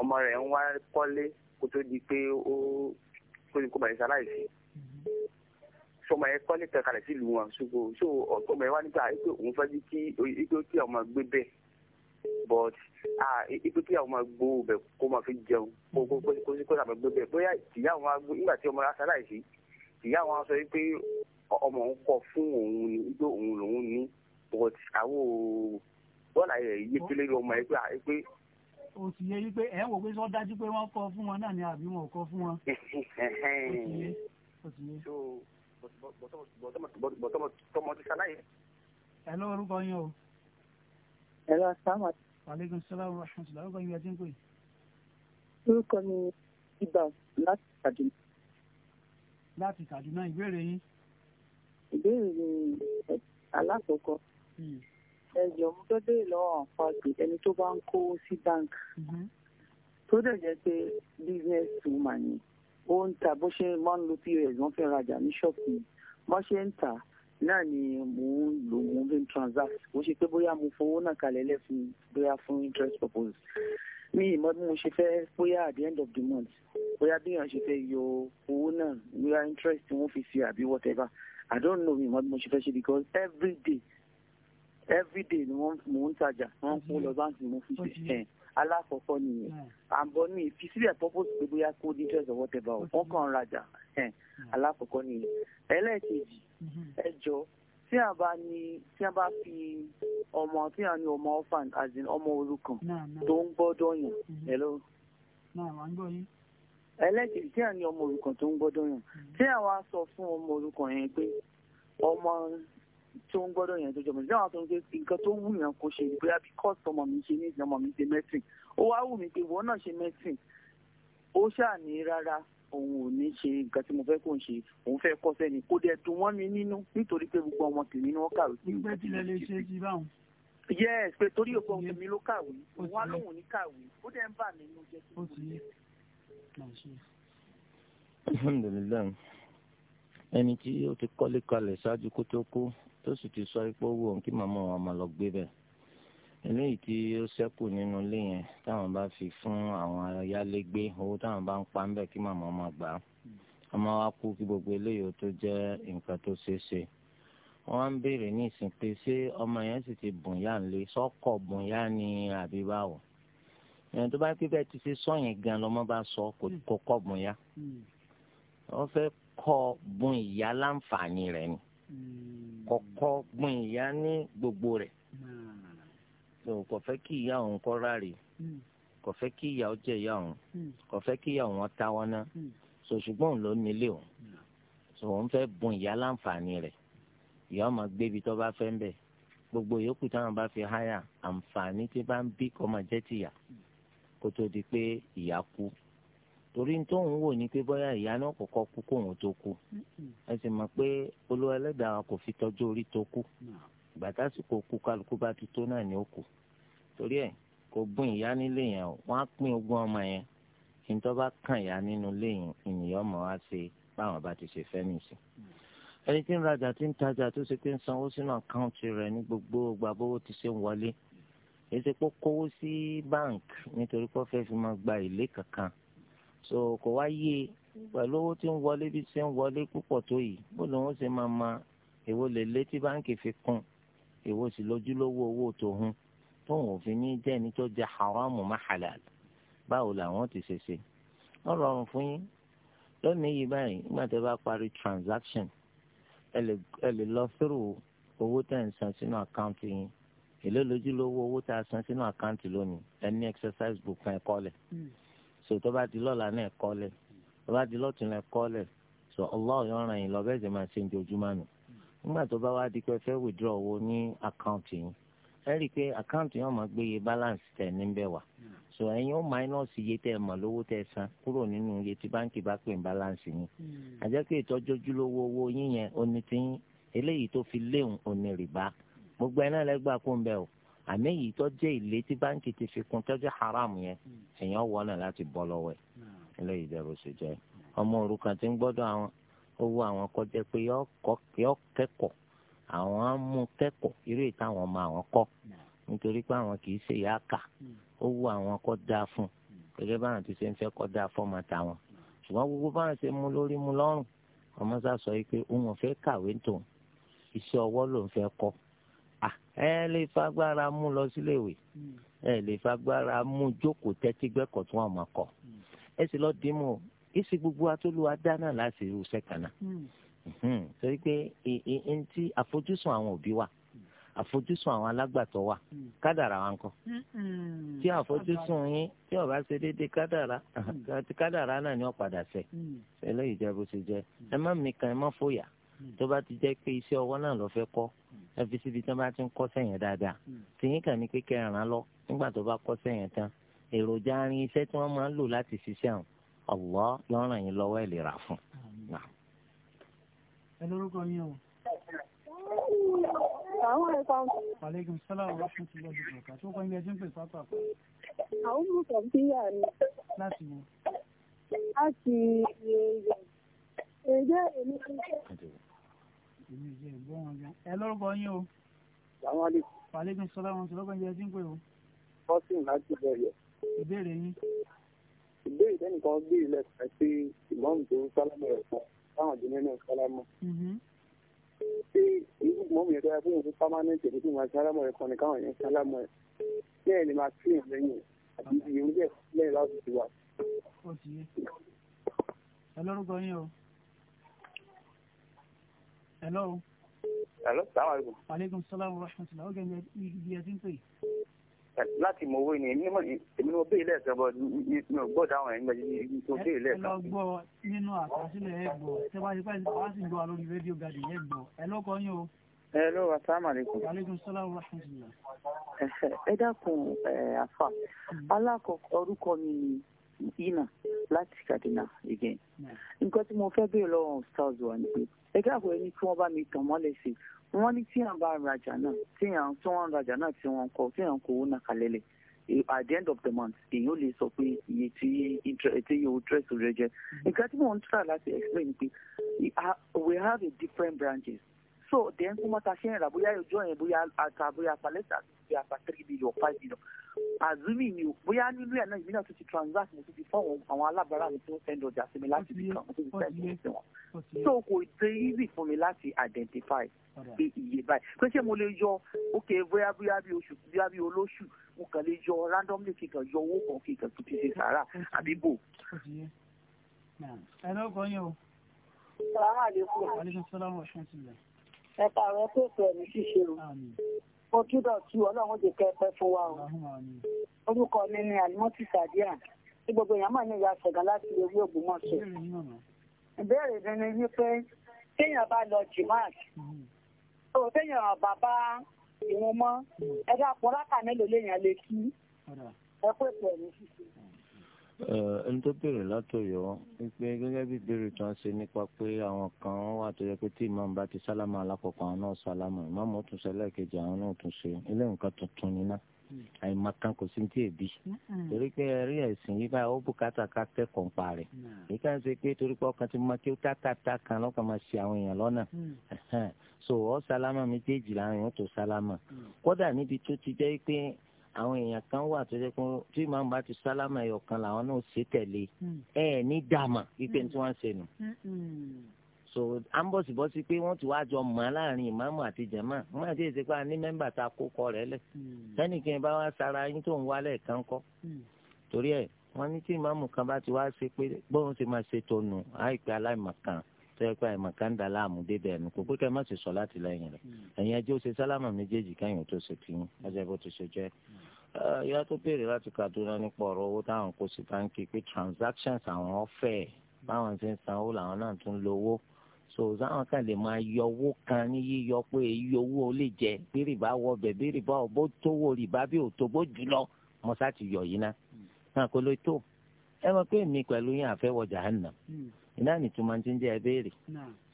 ọmọ rẹ̀ ń wá kọ́lé kó tó di pé ó kó bàjẹ́ ṣaláìsí sọmọ yẹn kọ́lé kan kalẹ̀ sílùú wọn ṣùgbọ́ so ọmọ yẹn wá nígbà pé òun fẹ́ di kí ikú kí ọmọ gbé bẹ́ẹ̀ but ikú kí ọmọ gbó bẹ̀ kó máa fi jẹun kó kó kó kó sàmọ́ gbé bẹ́ẹ̀ bóyá ìyá àwọn agbó nígbà tí ọmọ yẹn aṣáláìsí ìyá àwọn sọ pé ọmọ òun kọ fún òun ni igbó òun lòun ní but àwọn bọ́ọ̀lù ayẹyẹ yìí pélé ọmọ yẹn pé o sì yẹ wípé ẹ wò pé sọ dájú pé wọn kọ fún wọn náà ni àbí wọn ò kọ fún wọn. o sì yẹ o sì yẹ bọ̀tọ̀mọ̀ ti ṣàlàyé. ẹ lọ orúkọ yín o. ẹ lọ sáwọn. aleykum salaam wa rahmatulah orúkọ yín ẹ ti ń pè. orúkọ mi ibà láti Kaduna. láti Kaduna ìbéèrè yín. ìbéèrè mi alákọ̀ọ́kọ́ hmm. ẹ̀jọ̀ mo fẹ́ béèrè lọ́wọ́ àpapọ̀ ẹni tó bá ń kó sí báńkì hmm. tó dẹ̀ jẹ́ pé business woman ni. Mm -hmm ó ń ta bó ṣe máa ń lo pos wọ́n fẹ́ rajà ní ṣọ́ọ̀bù bó ṣe ń tà náà ni mò ń lò mò ń fi transact bó ṣe pé bóyá mo fowó náà kalẹ̀ lẹ́fun bóyá fún interest purpose mi ìmọ̀ bí mo ṣe fẹ́ bóyá at the end of the month bóyá bí èèyàn ṣe fẹ́ yọ owó náà bóyá interest tí wọ́n fi sí àbí whatever i don't know mi ìmọ̀ bí mo ṣe fẹ́ ṣe because every day every day ni wọ́n mò ń tajà wọ́n kó lọ báńkì mo fi ṣe ten alákọ̀ọ́kọ́ nìyẹn àbọ̀ hmm. mi ìfisílẹ̀ purpose pé bóyá kó ní interest or whatever hmm. wọ́n kàn rajà hmm. alákọ̀ọ́kọ́ nìyẹn ẹlẹ́ẹ̀kejì ẹjọ́ tí a bá ní tí a bá fi ọmọ tí a ní ọmọ orphan as in ọmọ òrukàn tó ń gbọ́dọ̀ yàn hello. ẹlẹ́ẹ̀kejì tí a ní ọmọ òrukàn tó ń gbọ́dọ̀ yàn tí a wá sọ fún ọmọ òrukàn yẹn pé ọmọ tó ń gbọ́dọ̀ yẹn tó jọmọ ìdí àwọn àtọ́jú pé nǹkan tó wù yàn kó ṣe bóyá bíkọ́sì ọmọ mi ṣe ní ìsìn ọmọ mi ṣe mẹ́sìn ó wá wù mí pé ìwọ náà ṣe mẹ́sìn ó ṣáà ní rárá òun ò ní ṣe nǹkan tí mo fẹ́ kó n ṣe òun fẹ́ kọ́ sẹ́ni kó dẹ̀ dùn wọ́n mi nínú nítorí pé gbogbo ọmọ tèmi ni wọ́n kàwé sí ìgbà tí mo ṣe ti báwọn. yes pé torí òpó ọmọ mi ló kàwé òun á lóun ní kàwé ó dẹ̀ ń bà mí nínú jẹ́ kí mo ṣe. alhamdulilayi ẹni tí ó ti kọ́lé kalẹ̀ ṣáájú kó tó kú tó sì ti sọ pé owó òun kí màmá wọn máa lọ gbé bẹ́ẹ̀ eléyìí tí ó ṣẹ́kù nínú ilé yẹn táwọn bá fi fún àwọn ayálégbé owó táwọn bá ń pa ń bẹ̀ kí màmá máa gbà á ọmọ wa kú kí gbogbo eléyìí tó jẹ́ nǹkan tó ṣeé ṣe wọ́n á ń béèrè ní ìsìn pé ṣé ọmọ yẹn sì ti bùn yá ń lé bùn yá ni àbí báwo ẹni tó bá pé bẹ́ẹ̀ ti ṣe sọ́yìn gan lọ́mọ bá sọ kò kọ́ bùn yá hmm. wọ́n fẹ́ kọ́ bùn ìyá láǹfààní rẹ̀ ni. Hmm. kọ̀kọ́ gbin ìyá ní gbogbo rẹ̀ hmm. so kò fẹ́ kí ìyá òun kọ́ ráre hmm. kò fẹ́ kí ìyá ó jẹ́ ìyá òun kò fẹ́ kí ìyá òun ta wọn ná so ṣùgbọ́n òun ló òun so òun fẹ́ bùn ìyá láǹfààní rẹ̀ ìyá ọmọ gbébi tó bá fẹ́ ń bẹ̀ gbogbo yòókù táwọn bá fi háyà àǹfààní tí bá ń bí kọ́ máa jẹ́ tìyà kó tó di pé ìyá kú torí tó ń wò ní pé bóyá ìyá náà kọ́kọ́ kú kóun tó kú ẹ sì mọ̀ pé olúwa ẹlẹ́dàá kò fi tọ́jú orí tó kú bàtà sì kò kú kálukú bá ti tó náà ní òkú torí ẹ kò gún ìyá nílé yẹn wọn á pín ogún ọmọ yẹn kí n tó bá kàn ìyá nínú ilé yẹn ènìyàn ọmọ wa ṣe báwọn bá ti ṣe fẹ́ mi sí. Mm. ẹni tí ń rajà tí ń tajà tó ṣe pé ń sanwó sínú àkáǹtì rẹ ní gbogbo gbàbówó ti ṣe ń wọlé èsì pé kówó sí báǹkì nítorí pé ó fẹ́ fi máa gba ìlé kankan so kò wá yé pẹ̀lú owó tí ń wọlé bí ṣe ń wọlé púpọ̀ tó yìí bó lòun ṣe máa ma èwo lè lé tí báńkì fi kún èwo sì lójúlówó owó tòun tóun ò fi ní jẹ́ ẹni tó jẹ haramu má halal báwo làwọn ti ṣe ṣe wọ́n rọrùn fún yín lónìí yìí báyìí nígbà tó bá parí transaction ẹ lè lọ through owó tẹ̀ ń san sínú àkáǹtì yín èlé lójúlówó owó tẹ̀ ń san sínú àkáǹtì lónìí ẹ ní exercise book kan ẹ kọ́ lẹ̀. Hmm so tó bá di lọ́la náà kọ́lẹ̀ tó bá di lọ́tún náà so Allah yóò ràn yín lọ bẹ́ẹ̀ jẹ́ máa ṣe ń jojúmọ́ nù nígbà tó bá wá di pé fẹ́ withdraw owó ní àkáǹtì yín ẹ rí i pé àkáǹtì yín ó gbé iye balance tẹ̀ níbẹ̀ wá so ẹ̀yin ó minus iye tẹ̀ mọ̀ lówó tẹ̀ san kúrò nínú iye tí báńkì bá pè ní balance yín àjẹ́ hmm. pé ìtọ́jú ojúlówó owó yín yẹn ó ní tí eléyìí tó fi léhùn ó ní rìbá gbogbo ẹ̀ náà lẹ́gbàá kó ń bẹ̀ o àmì èyí tó jẹ́ ilé tí báńkì ti fi kún tọ́jú haram yẹn èèyàn wọ náà láti bọ́ lọ́wọ́ ẹ̀ hmm. eléyìí dẹ̀ bó ṣe jẹ́ ọmọ òrukàn tí ń gbọ́dọ̀ àwọn ó wú àwọn kọjá pé yọ kẹ́kọ̀ọ́ àwọn á mú kẹ́kọ̀ọ́ irú ìta àwọn ọmọ àwọn kọ́ hmm. nítorí pé àwọn kì í ṣe ìyá kà hmm. ó wú àwọn kọ́ dáa fún gẹ́gẹ́ báwọn ti ṣe ń fẹ́ kọ́ dáa fọ́ọ̀mù àtàwọn ṣùgbọ́n gbogbo báwọn ṣe mú lórí mú lọ́rùn ọmọ sá sọ yìí pé òun ò fẹ́ kàwé tòun iṣẹ́ ọwọ́ lòun fẹ́ kọ́ Ah, ẹ lè fagbára mú lọ síléèwé hmm. ẹ lè fagbára mú jókòó tẹ́tí gbẹ́kọ̀ tí wọ́n máa kọ̀ hmm. ẹ sì lọ dìímù ìsì gbogbo atolúwa dáná láti irú sẹ́kànnà hmm. torí pé n ti àfojúsùn àwọn òbí wa àfojúsùn àwọn alágbàtọ́ wa kádàrà wa ńkọ́ tí àfojúsùn yín tí ó bá ṣe déédéé kádàrà kádàrà náà ni ó padà ṣẹ eléyìí jẹ́ bó ṣe jẹ́ ẹ má mìkan ẹ má fòyà tó bá ti jẹ́ pé iṣẹ́ ọwọ́ náà lọ fẹ́ kọ́ ẹ fi síbi tí wọ́n bá ti ń kọ́ sẹ́yìn dáadáa tìyín kàn ní kékeré ràn lọ nígbà tó bá kọ́ sẹ́yìn tán èròjà arin iṣẹ́ tí wọ́n máa ń lò láti ṣiṣẹ́ hàn ọ̀wọ́ lọ́ràn yín lọ́wọ́ ẹ̀ lè rà fún. ẹ lórúkọ yín o. àwọn ẹ̀ka. aleykum salaam wa rahmatulahi wa barakatuh tó kọ́ ilé ẹjẹ́ ń pè sápà. àwọn ọmọ kọ̀ọ̀kìyà ni. láti wo. láti èdè eh, eh, eh, èmi èmi ò jẹ́ ìgbọ́ wọn gan. ẹ lórúkọ yín o. sàmúlò. wàlẹ́kùn sọlá wọn sọlá kan jẹ́ ẹtí ń pè o. fọ́sìn láti bẹ̀rẹ̀. ìbéèrè yín. ìbéèrè tẹ́nìkan béèrè lẹ́sẹ̀ sí ìmọ̀ọ́mù tó ń sálámù rẹ̀ fún táwọn ọ̀dọ́ nínú sálámù. Mm-hmm. ṣé ìlú mọ̀ọ́mù yẹn tó yẹ fún òun pámánẹ́ǹtì èdè tó máa sálámù rẹ̀ kan nìkan yẹn sálámù rẹ̀ bẹ́ẹ̀ ni máa tún ìyẹn lẹ́yìn àti ìyẹn lẹ́yìn láti ti wà. ó ti yé ẹ lórúkọ yín o hello. hello salamaleykum. aleykum salaam wa rahmatulah ọgá mi ibi ẹ ti ń pè. láti mọ owó ni èmi ni mo béèrè lẹ́ẹ̀kan bọ́ mi ò gbọ́dọ̀ àwọn ẹ̀yìn mi tó béèrè lẹ́ẹ̀kan. ẹ lọ gbọ́ nínú àkọsílẹ̀ ẹ gbọ́ tẹ bá ti pẹ́ wá sí gbọ́ lórí rédíò gàdì ẹ gbọ́ ẹ ló kọ́ yín o. hello salamaleykum. aleykum salaam wa rahmatulah. ẹ dákun àfà hmm. alákọ̀ọ́ orúkọ mi ni ina láti Kaduna again nǹkan tí mo fẹ́ bèèrè lọ́wọ́ stars wa ni pé ẹgbẹ́ àpò ẹni tí wọ́n bá mi tàn mọ́lẹ̀ sí wọ́n ní tí à ń bá rajà náà tí à ń tí wọ́n ń rajà náà tí wọ́n ń kọ́ tí à ń kó owó náà kalẹ̀ eh, at the end of the month èyí ò lè sọ pé iye tí tí yóò dress rẹ jẹ nǹkan tí mò ń try láti explain pé we have a different branches so then kó mọ́ ta ṣe ń rà bóyá ọjọ́ yẹn bóyá ata bóyá palẹ́tà bóyá ata three billion five billion azumi mi o bóyá nínú ẹ̀ náà ìbí náà tún ti transact mo tún ti fọ́ àwọn alábàárà mi tó ń send ọjà sí mi láti ibi kan mo tún ti send ọjà sí wọn so kò tẹ easy fún mi láti identify pé iye báyìí pé ṣé mo lè yọ ok bóyá bóyá bí oṣù bóyá bí olóṣù mo kàn lè yọ randomly kí n kàn yọ owó kan kí n kàn tún ti ṣe sàárà àbí bò. ẹ lọ́kọ̀ọ́ yẹn o. salaamaleykum. aleykum salaam wa rahmatulah ẹ̀ka rẹ̀ tó fẹ́ ní ṣíṣe o. mo túbọ̀ tú ọlọ́run jẹ́ kẹ́pẹ́ fún wa o. orúkọ mi ni alimoti sadia tí gbogbo èèyàn mọ̀ ní ìyá sọ̀gán láti orí ògbómọ̀ṣọ́. ìbéèrè mi ni wípé téèyàn bá lọ jìmáàt tó téèyàn bàbá ìwọ̀n mọ́ ẹ dákun rákà mélòó léèyàn lè kí ẹ pèsè ẹ̀mí ṣíṣe ẹni tó béèrè látọ̀yọ́ wípé gẹ́gẹ́ bí ìbéèrè tí wọ́n ṣe nípa pé àwọn kan wà tó yẹ pé tí ìmọ̀n bá ti sálámà alákọ̀ọ́kọ́ àwọn náà sálámà ìmọ̀mù tún ṣe lẹ́ẹ̀kejì àwọn náà tún ṣe ilé nǹkan tuntun níná àìmọ̀kan kò sí tí èbí torí pé ẹ̀rí ẹ̀sìn yìí báyìí ó bùkátà ká kẹ́kọ̀ọ́ pa rẹ̀ èyí ká ń ṣe pé torí pé ọkàn ti mọ kí ó tákàtà kan lọ́kàn máa ṣe àwọn èèyàn lọ́nà mm. so ọ sálámà méjèèjì làwọn èèyàn tó sálámà mm. kódà níbi tó ti jẹ́ pé àwọn èèyàn kan wà tó jẹ́ pé tí màmú bá ti sálámà ẹ̀yọ̀ kan làwọn náà ṣe tẹ̀lé hmm. ẹ̀ ní dàmà wípé hmm. tí wọ́n ń ṣe nù hmm. so ambọ̀sibọ́sí pé wọ́n ti wá jọ mọ́ láàrin ìmáàmù àti jẹ̀mọ́ wọ́n àti èsì pé a ní mẹ́mbà ta kó kọ rẹ̀ lẹ̀ sẹ́nìkan bá wá sara yín tó ń wálẹ̀ kan kọ́ torí ẹ̀ wọ́n ní tí ìmáàmù kan bá ti wá ṣe pé bóun ṣe máa ṣe tonu àìpé aláìmọ̀kan tó yẹ pé àìmọ̀ kanda láàmú débẹ̀ ẹ̀mí kò pé kẹ́ ẹ má ṣe sọ láti lẹ́yìn rẹ̀ hmm. ẹ̀yin ẹjẹ́ ó ṣe sálámà méjèèjì káyọ̀ tó ṣe tìyín ọjọ́ bó ti ṣe jẹ́ hmm. ìyá tó béèrè láti Kaduna nípa ọ̀rọ̀ owó táwọn kò sí báńkì pé transactions àwọn ọ̀fẹ́ báwọn ti ń san làwọn náà tún lo owó so sáwọn kan lè máa yọ owó kan ní yíyọ pé èyí owó ó lè jẹ bí rìbá wọ bẹ bí rìbá ọ bó tówó rìbá bí ò tó bó jùlọ mọ́sá ti yọ yìí ná hmm. náà kó ló tó ẹ mọ̀ pé mi pẹ̀lú yín àfẹ́wọ̀ jahannam iná nìtúmọ̀ ti ń jẹ́ ẹ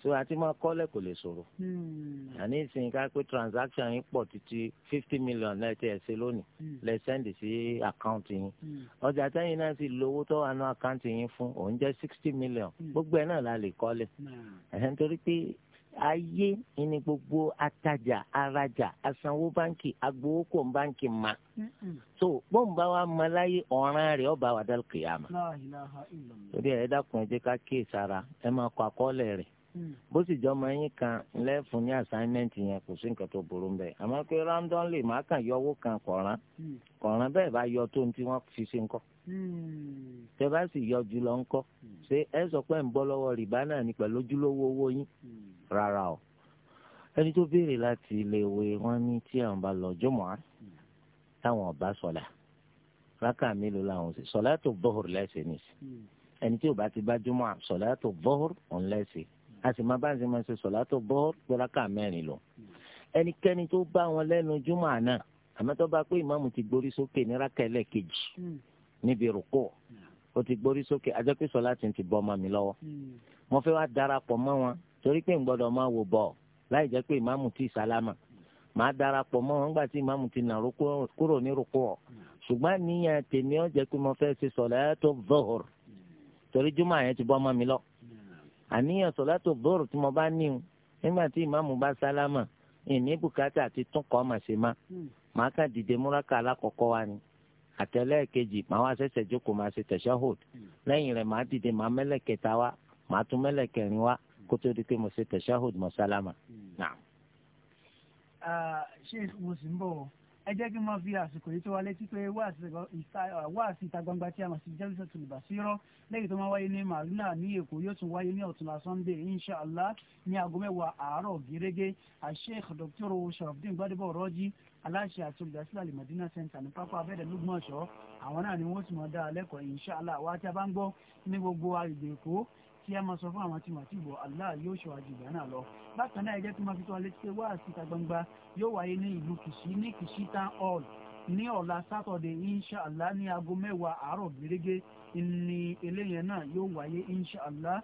so àti máa kọ́lẹ̀ kò lè sọ̀rọ̀ hmm. àní ìsìn ká transaction yín pọ̀ títí fifty million naira ti loni le lónìí hmm. lè sẹ́ndì sí àkáǹtì hmm. ọjà tẹ́yìn náà ti lo tó wà ní fún òun jẹ́ sixty million gbogbo ẹ̀ la lè kọ́lẹ̀ ẹ̀hẹ́n torí pé ayé ni gbogbo ataja arajà asanwó báńkì agbowókò báńkì ma so bọ́ǹbà wa ma láyé ọ̀ràn rẹ̀ ọba wàdàlùkìyàmà torí ẹ̀ ẹ́ dákun ẹ̀ jẹ́ ká kíyèsára ẹ̀ máa rẹ̀ bó sì jọ ọmọ yín kan lẹ́fun ní assignment yẹn kò sí nǹkan tó burú ń bẹ̀ àmọ́ pé randomly máa kàn yọ owó kan kọ̀ọ̀ràn hmm. kọ̀ọ̀ràn bẹ́ẹ̀ bá yọ tó ní tí wọ́n fi ṣe ń kọ́ hmm. tẹ bá sì yọ jù ń kọ́ hmm. ṣé ẹ sọ pé ń bọ́ lọ́wọ́ rìbá náà ní pẹ̀lú ojúlówó owó yín rárá o ẹni tó béèrè láti iléèwé wọn ní tí àwọn bá lọ jọmọ á táwọn ọba sọlá rákà mélòó làwọn ṣe a sì máa bá ń ṣe máa ṣe sọ̀látò bọ́ gbọ́láka mẹ́rin lọ. ẹnikẹ́ni tó bá wọn lẹ́nu júmọ̀ àná àmọ́ tó bá pé ìmáàmù ti gborí sókè ní rákẹ́lẹ̀ kejì hmm. níbi rúkọ̀ ó ti gborí sókè ajẹ́ pé sọ̀látì ti bọ́ ọmọ mi lọ́wọ́. Hmm. mo fẹ́ wá darapọ̀ mọ́ wọn torí pé ń gbọ́dọ̀ máa wò bọ̀ láì jẹ́ pé ìmáàmù ti sálámà màá darapọ̀ mọ́ wọn gbà tí ìmáàmù ti nà kúrò ní rúkọ̀ ṣùgbọ́n níyàn tèmi ó jẹ́ pé mo fẹ́ ṣe sọ̀látò zuhur torí júmọ̀ àyẹn ti bọ́ ọmọ mi lọ́wọ́ àníyàn sọ̀látò bọ́ọ̀rù tí mo bá ní o nígbà tí ìmáàmù bá sálámà ìní bùkátà àti túnkọ́ mà ṣe má hmm. màá kà dìde múrákà alákọ̀ọ́kọ́ wa ni àtẹlẹ́ẹ̀kejì màá wá ṣẹ̀ṣẹ̀ jókòó màá ṣe tẹ̀ṣáhùd hmm. lẹ́yìn rẹ̀ màá dìde màá mẹ́lẹ̀kẹta wa màá tún mẹ́lẹ̀kẹrin wa kó tó di pé mo ṣe tẹ̀ṣáhùd mọ́ sálámà. ṣé hmm. ah, mo sì ń bọ̀ ẹ jẹ́ kí n máa fi àsìkò yìí tó wa létí pé wáàsí ìta gbangba tí a mọ̀ sí jẹ́rìsọ̀ tó lùbà sí rọ́ lẹ́yìn tó máa wáyé ní marina ní èkó yóò tún wáyé ní ọ̀túnla sunday inshàlá ní aago mẹ́wàá àárọ̀ gẹ́gẹ́ àṣeyìk dr sharafdin gbadebo rọ́jí aláṣẹ àti olùdásílẹ̀ alimadina center ní pápá abẹ́rẹ́ lùgbọ̀nsọ̀ àwọn náà ni wọ́n ti mọ̀ dáa lẹ́kọ̀ọ́ inshàlá wa kí a máa sọ fún àwọn tí màá ti bọ̀ Allah yóò ṣọ́ àjùgbà náà lọ. bákan náà ẹjẹ́ tó máa fi tó alẹ́ ti pé wáàsí ìta gbangba yóò wáyé ní ìlú Kìṣí ní Kìṣí town hall ní ọ̀la sátọ̀dẹ̀ inṣàlá ní aago mẹ́wàá àárọ̀ gbèrègé ní eléyẹn náà yóò wáyé inṣàlá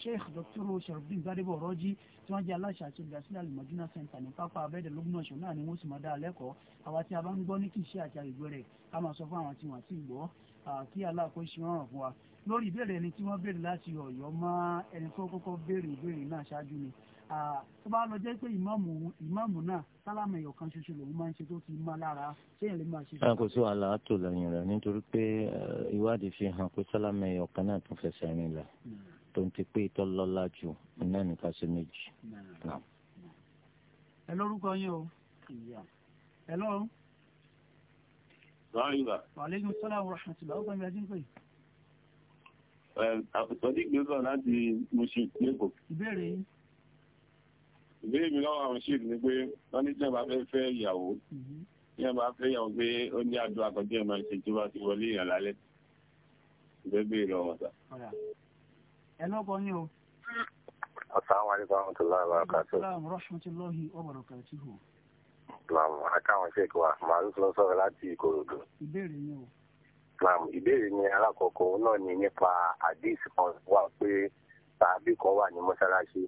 Sheikh Dr. Sharafdin Gbadebo Rọ́jí tí wọ́n jẹ́ aláṣẹ àti olùdásílẹ̀ alimọ̀dúnà center ní pápá abẹ́ẹ̀dẹ̀ lógúnọ̀ṣọ́ náà ni wọ́n sì máa dá a lẹ́kọ̀ọ́ àwa tí a bá ń gbọ́ ní kìí àti àgbègbè rẹ̀ ká máa sọ fún àwọn tí wọ́n ti gbọ́ kí aláàkóso rọrùn fún wa lórí ìbéèrè ẹni tí wọ́n béèrè láti ọ̀yọ́ mọ́ ẹni tó kọ́kọ́ béèrè ìbéèrè náà ṣáájú ni tó bá lọ jẹ́ pé ìmáàmù ìmáàmù náà sálámà ẹ̀yọ̀ kan ṣoṣo lòun máa ń ṣe tó ti má lára ṣéyìn lè máa ṣe. báyìí kò sí wàhálà àtò lẹ́yìn rẹ̀ nítorí pé ìwádìí fi hàn pé sálámà ẹ̀yọ̀ kan náà tún fẹsẹ̀ rìn lẹ̀ hmm. tó ń ti pé ìtọ́lọ́lá jù náà nìkan sí méjì. Hmm. ẹ lórúkọ yín o ẹ lọ́rùn. wàhálà. wàhálà àpòsọ́dí gbẹ́sọ̀ láti mọ̀ṣẹ́ lẹ́kọ̀ọ́. ìbéèrè yín. ìbéèrè mi lọ́wọ́ àwọn ṣèlú ni pé wọ́n ní jẹ́nba fẹ́ fẹ́ ìyàwó jẹ́nba mhm. fẹ́ ìyàwó pé ó ní àdó àkọ́jọ́ ìmọ̀ ṣe tí wọ́n ti wọlé ìyàn lálẹ́ ìbẹ́ béèrè ọmọ sá. ẹ lọ́kọ ní o. Assalamu alaikum warahmatullahi wabarakatuh. Assalamu rahmatullahi wabarakatuh. Ìlànà àkàwọn ṣèkọ àmàlùfẹ́ sọ̀rọ̀ láti Ìkòròdú. Ìbéèrè yín o. Islam ìbéèrè mi alákọ̀ọ́kọ́ náà ni nípa hadith kan pe pé tàbí kan wà ní mọ́ṣáláṣí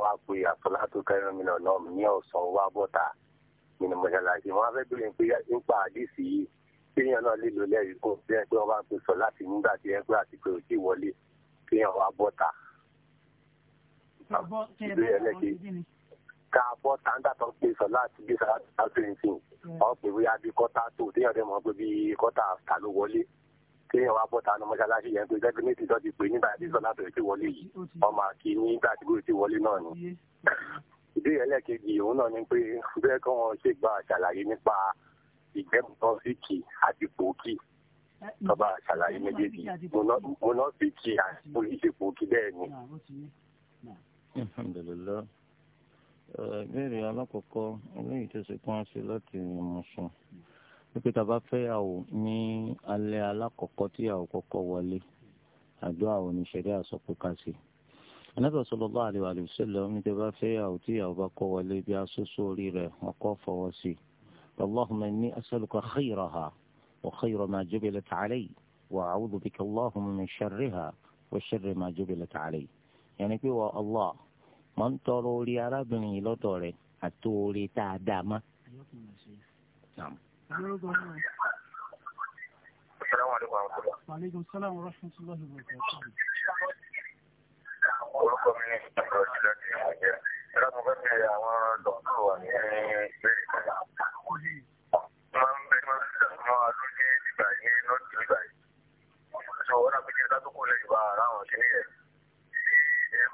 wọ́n pé àfọlátó kẹrin mi náà náà ní ọ̀sán wá bọ́ta nínú mọ́ṣáláṣí wọ́n fẹ́ bèrè pé nípa hadith yìí kéèyàn náà lè lò lẹ́yìn sọ láti nígbà tí ẹ pé àti pé wọlé kéèyàn ká bọ́ tàǹdà tó ń pè sọ láti bí sara tó tẹ̀síǹtì ọ̀ pé bóyá bí kọ́tà tó téèyàn dẹ̀ mọ̀ pé bí kọ́tà ta ló wọlé téèyàn wá bọ́ tàǹdà mọ́ṣáláṣí yẹn pé gẹ́gẹ́mẹ́tì tó ti pè nígbà tí sọ láti ti wọlé yìí hmm. ọmọ àkì nígbà tí gbòòrò ti wọlé náà ni. Hmm. ìbéèrè ẹlẹ́kejì òun náà ni pé bẹ́ẹ̀ kọ́ wọn ṣe gba àṣàlàyé nípa ìgbẹ́mùtọ́síkì àti pòókì tọ́ba àṣàlàyé méjèèjì mọ̀nọ́síkì àti pòókì bẹ́ẹ̀ ni. Hmm. alhamdulilayi ìbéèrè alákọ̀ọ́kọ́ eléyìí tó ṣe pé wọ́n ṣe láti ìrìnàmọ̀ sùn wípé tá a bá fẹ́yàwó ní alẹ́ alákọ̀ọ́kọ́ tí ìyàwó kọ́kọ́ wọlé àdúrà ò ní ṣẹ̀dá àsọpẹ́ká sí. anábẹ́ sallallahu alaihi wa sallam ní tẹ́ bá fẹ́yàwó tí ìyàwó bá kọ́ wọlé bí asoso orí rẹ̀ ọkọ̀ fọwọ́ sí. allahumma inni as'aluka khayraha wa khayra ma jubilat alayhi mọ̀ ń tọrọ orí arábìnrin yìí lọ́dọ̀ rẹ̀ àti orí tá a dá a mọ́. Aleykum salaam wa rahmatullahi wa barakatuh. Orúkọ mi ni Ìjọba Ìjọba ti ń jẹ́. Ẹ̀rọ mo fẹ́ bèèrè àwọn dọ́kítà wà ní ìbéèrè kan. Máa ń bẹ máa ń sọ̀rọ̀ àdúgbò ìgbà yìí lọ́dún ìgbà yìí. Ṣé ọ̀rọ̀ àpèjẹ́ ìdádókòó lè ara àwọn kìnìyàn?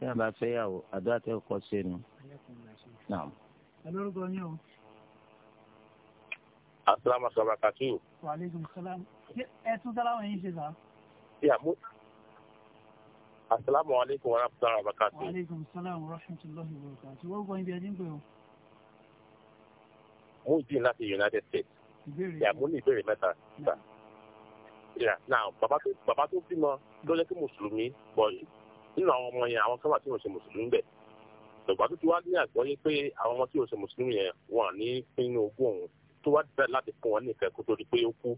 tí wọn bá fẹ́ yàwó àdó àti ọkọ ṣe nu. ẹlọ́rọ̀ gan-an yóò. asalaamu sabakatu. wa aleykum salaam. ẹ tún sálámù yín ṣe sá. yà mú. asalaamu aleykum wa rahmatulahi wa barakatu. wa aleykum salaam wa rahmatulahi wa barakatu. wọ́n gbọ́ ibi ẹni pé o. mo jí láti United States. ìbéèrè mú ní ìbéèrè mẹ́ta sá. yà náà bàbá tó bímọ ló lẹ́kí mùsùlùmí bọ̀ yìí nínú àwọn ọmọ yẹn àwọn sábà tí wọn ṣe mùsùlùmí bẹ ìgbà tó ti wá ní àgbọ́yé pé àwọn ọmọ tí wọn ṣe mùsùlùmí yẹn wọn ní pinnu ogún òun tó wá bẹ̀rẹ̀ láti fún wọn nìkan kó tó di pé ó kú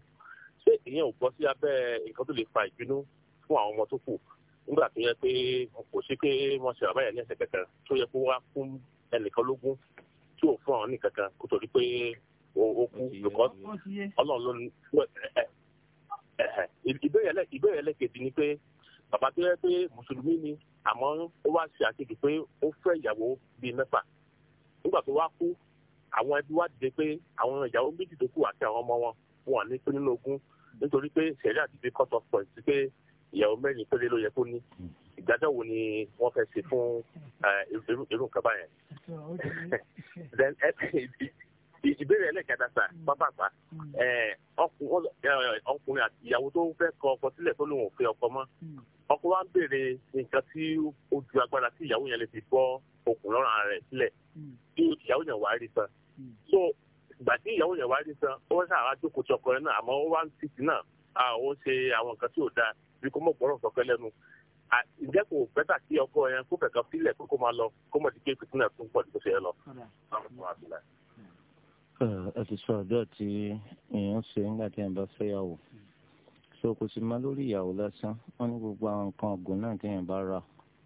ṣé ìyẹn ò bọ́ sí abẹ́ nǹkan tó lè fa ìbínú fún àwọn ọmọ tó kù nígbà tó yẹ pé kò sí pé wọn ṣe àbáyẹ ní ẹsẹ̀ kankan tó yẹ kó wá fún ẹnìkan lógún tí ò fún àwọn nìkankan kó tó di pé ó kú because Ọlọ́run ló ní pé bàbá tó yẹ pé mùsùlùmí ni àmọ́ ó wá ṣe àṣekì pé ó fẹ́ ìyàwó bíi mẹ́fà nígbà tó wá kú àwọn ẹbí wá dìde pé àwọn ìyàwó méjì tó kù àti àwọn ọmọ wọn wọn ní pín nínú ogún nítorí pé sẹ̀ríà ti fi cut off point sí pé ìyàwó mẹ́rin péré ló yẹ kó ní ìdájọ́ wo ni wọ́n fẹ́ ṣe fún irú nǹkan báyẹn ìbéèrè ẹlẹ́kẹta sà hmm. pápápá hmm. ọkùnrin àti ìyàwó tó fẹ́ kọ ọkọ sílẹ̀ tó lóun ò fẹ́ ọkọ mọ́ hmm. ọkọ wa ń béèrè nǹkan tí ó ju agbára tí ìyàwó yẹn lè fi bọ́ okùn lọ́rùn ara rẹ̀ sílẹ̀ tí ìyàwó yẹn wà á rí san so ìgbà tí ìyàwó yẹn wà á rí san ó wá sáà jókòó tí ọkọ rẹ̀ náà àmọ́ ó wá ń títì náà ó ṣe àwọn nǹkan tí ò dáa bí kò mọ̀ gbọ́rọ̀ sọ̀kẹ́ lẹ́nu ǹjẹ́ kò bẹ́tà kí ọkọ yẹn kó fẹ̀kan sílẹ̀ kó kó máa lọ kó mọ̀ sí pé fìtínà tún pọ̀ ní kó ṣe é lọ. Eh, ẹ ti sọ ọjọ́ tí èèyàn ṣe nígbà tí èèyàn bá fẹ́yàwó so kò sì má lórí ìyàwó lásán wọn ní gbogbo àwọn nǹkan ọ̀gùn náà tí èèyàn bá ra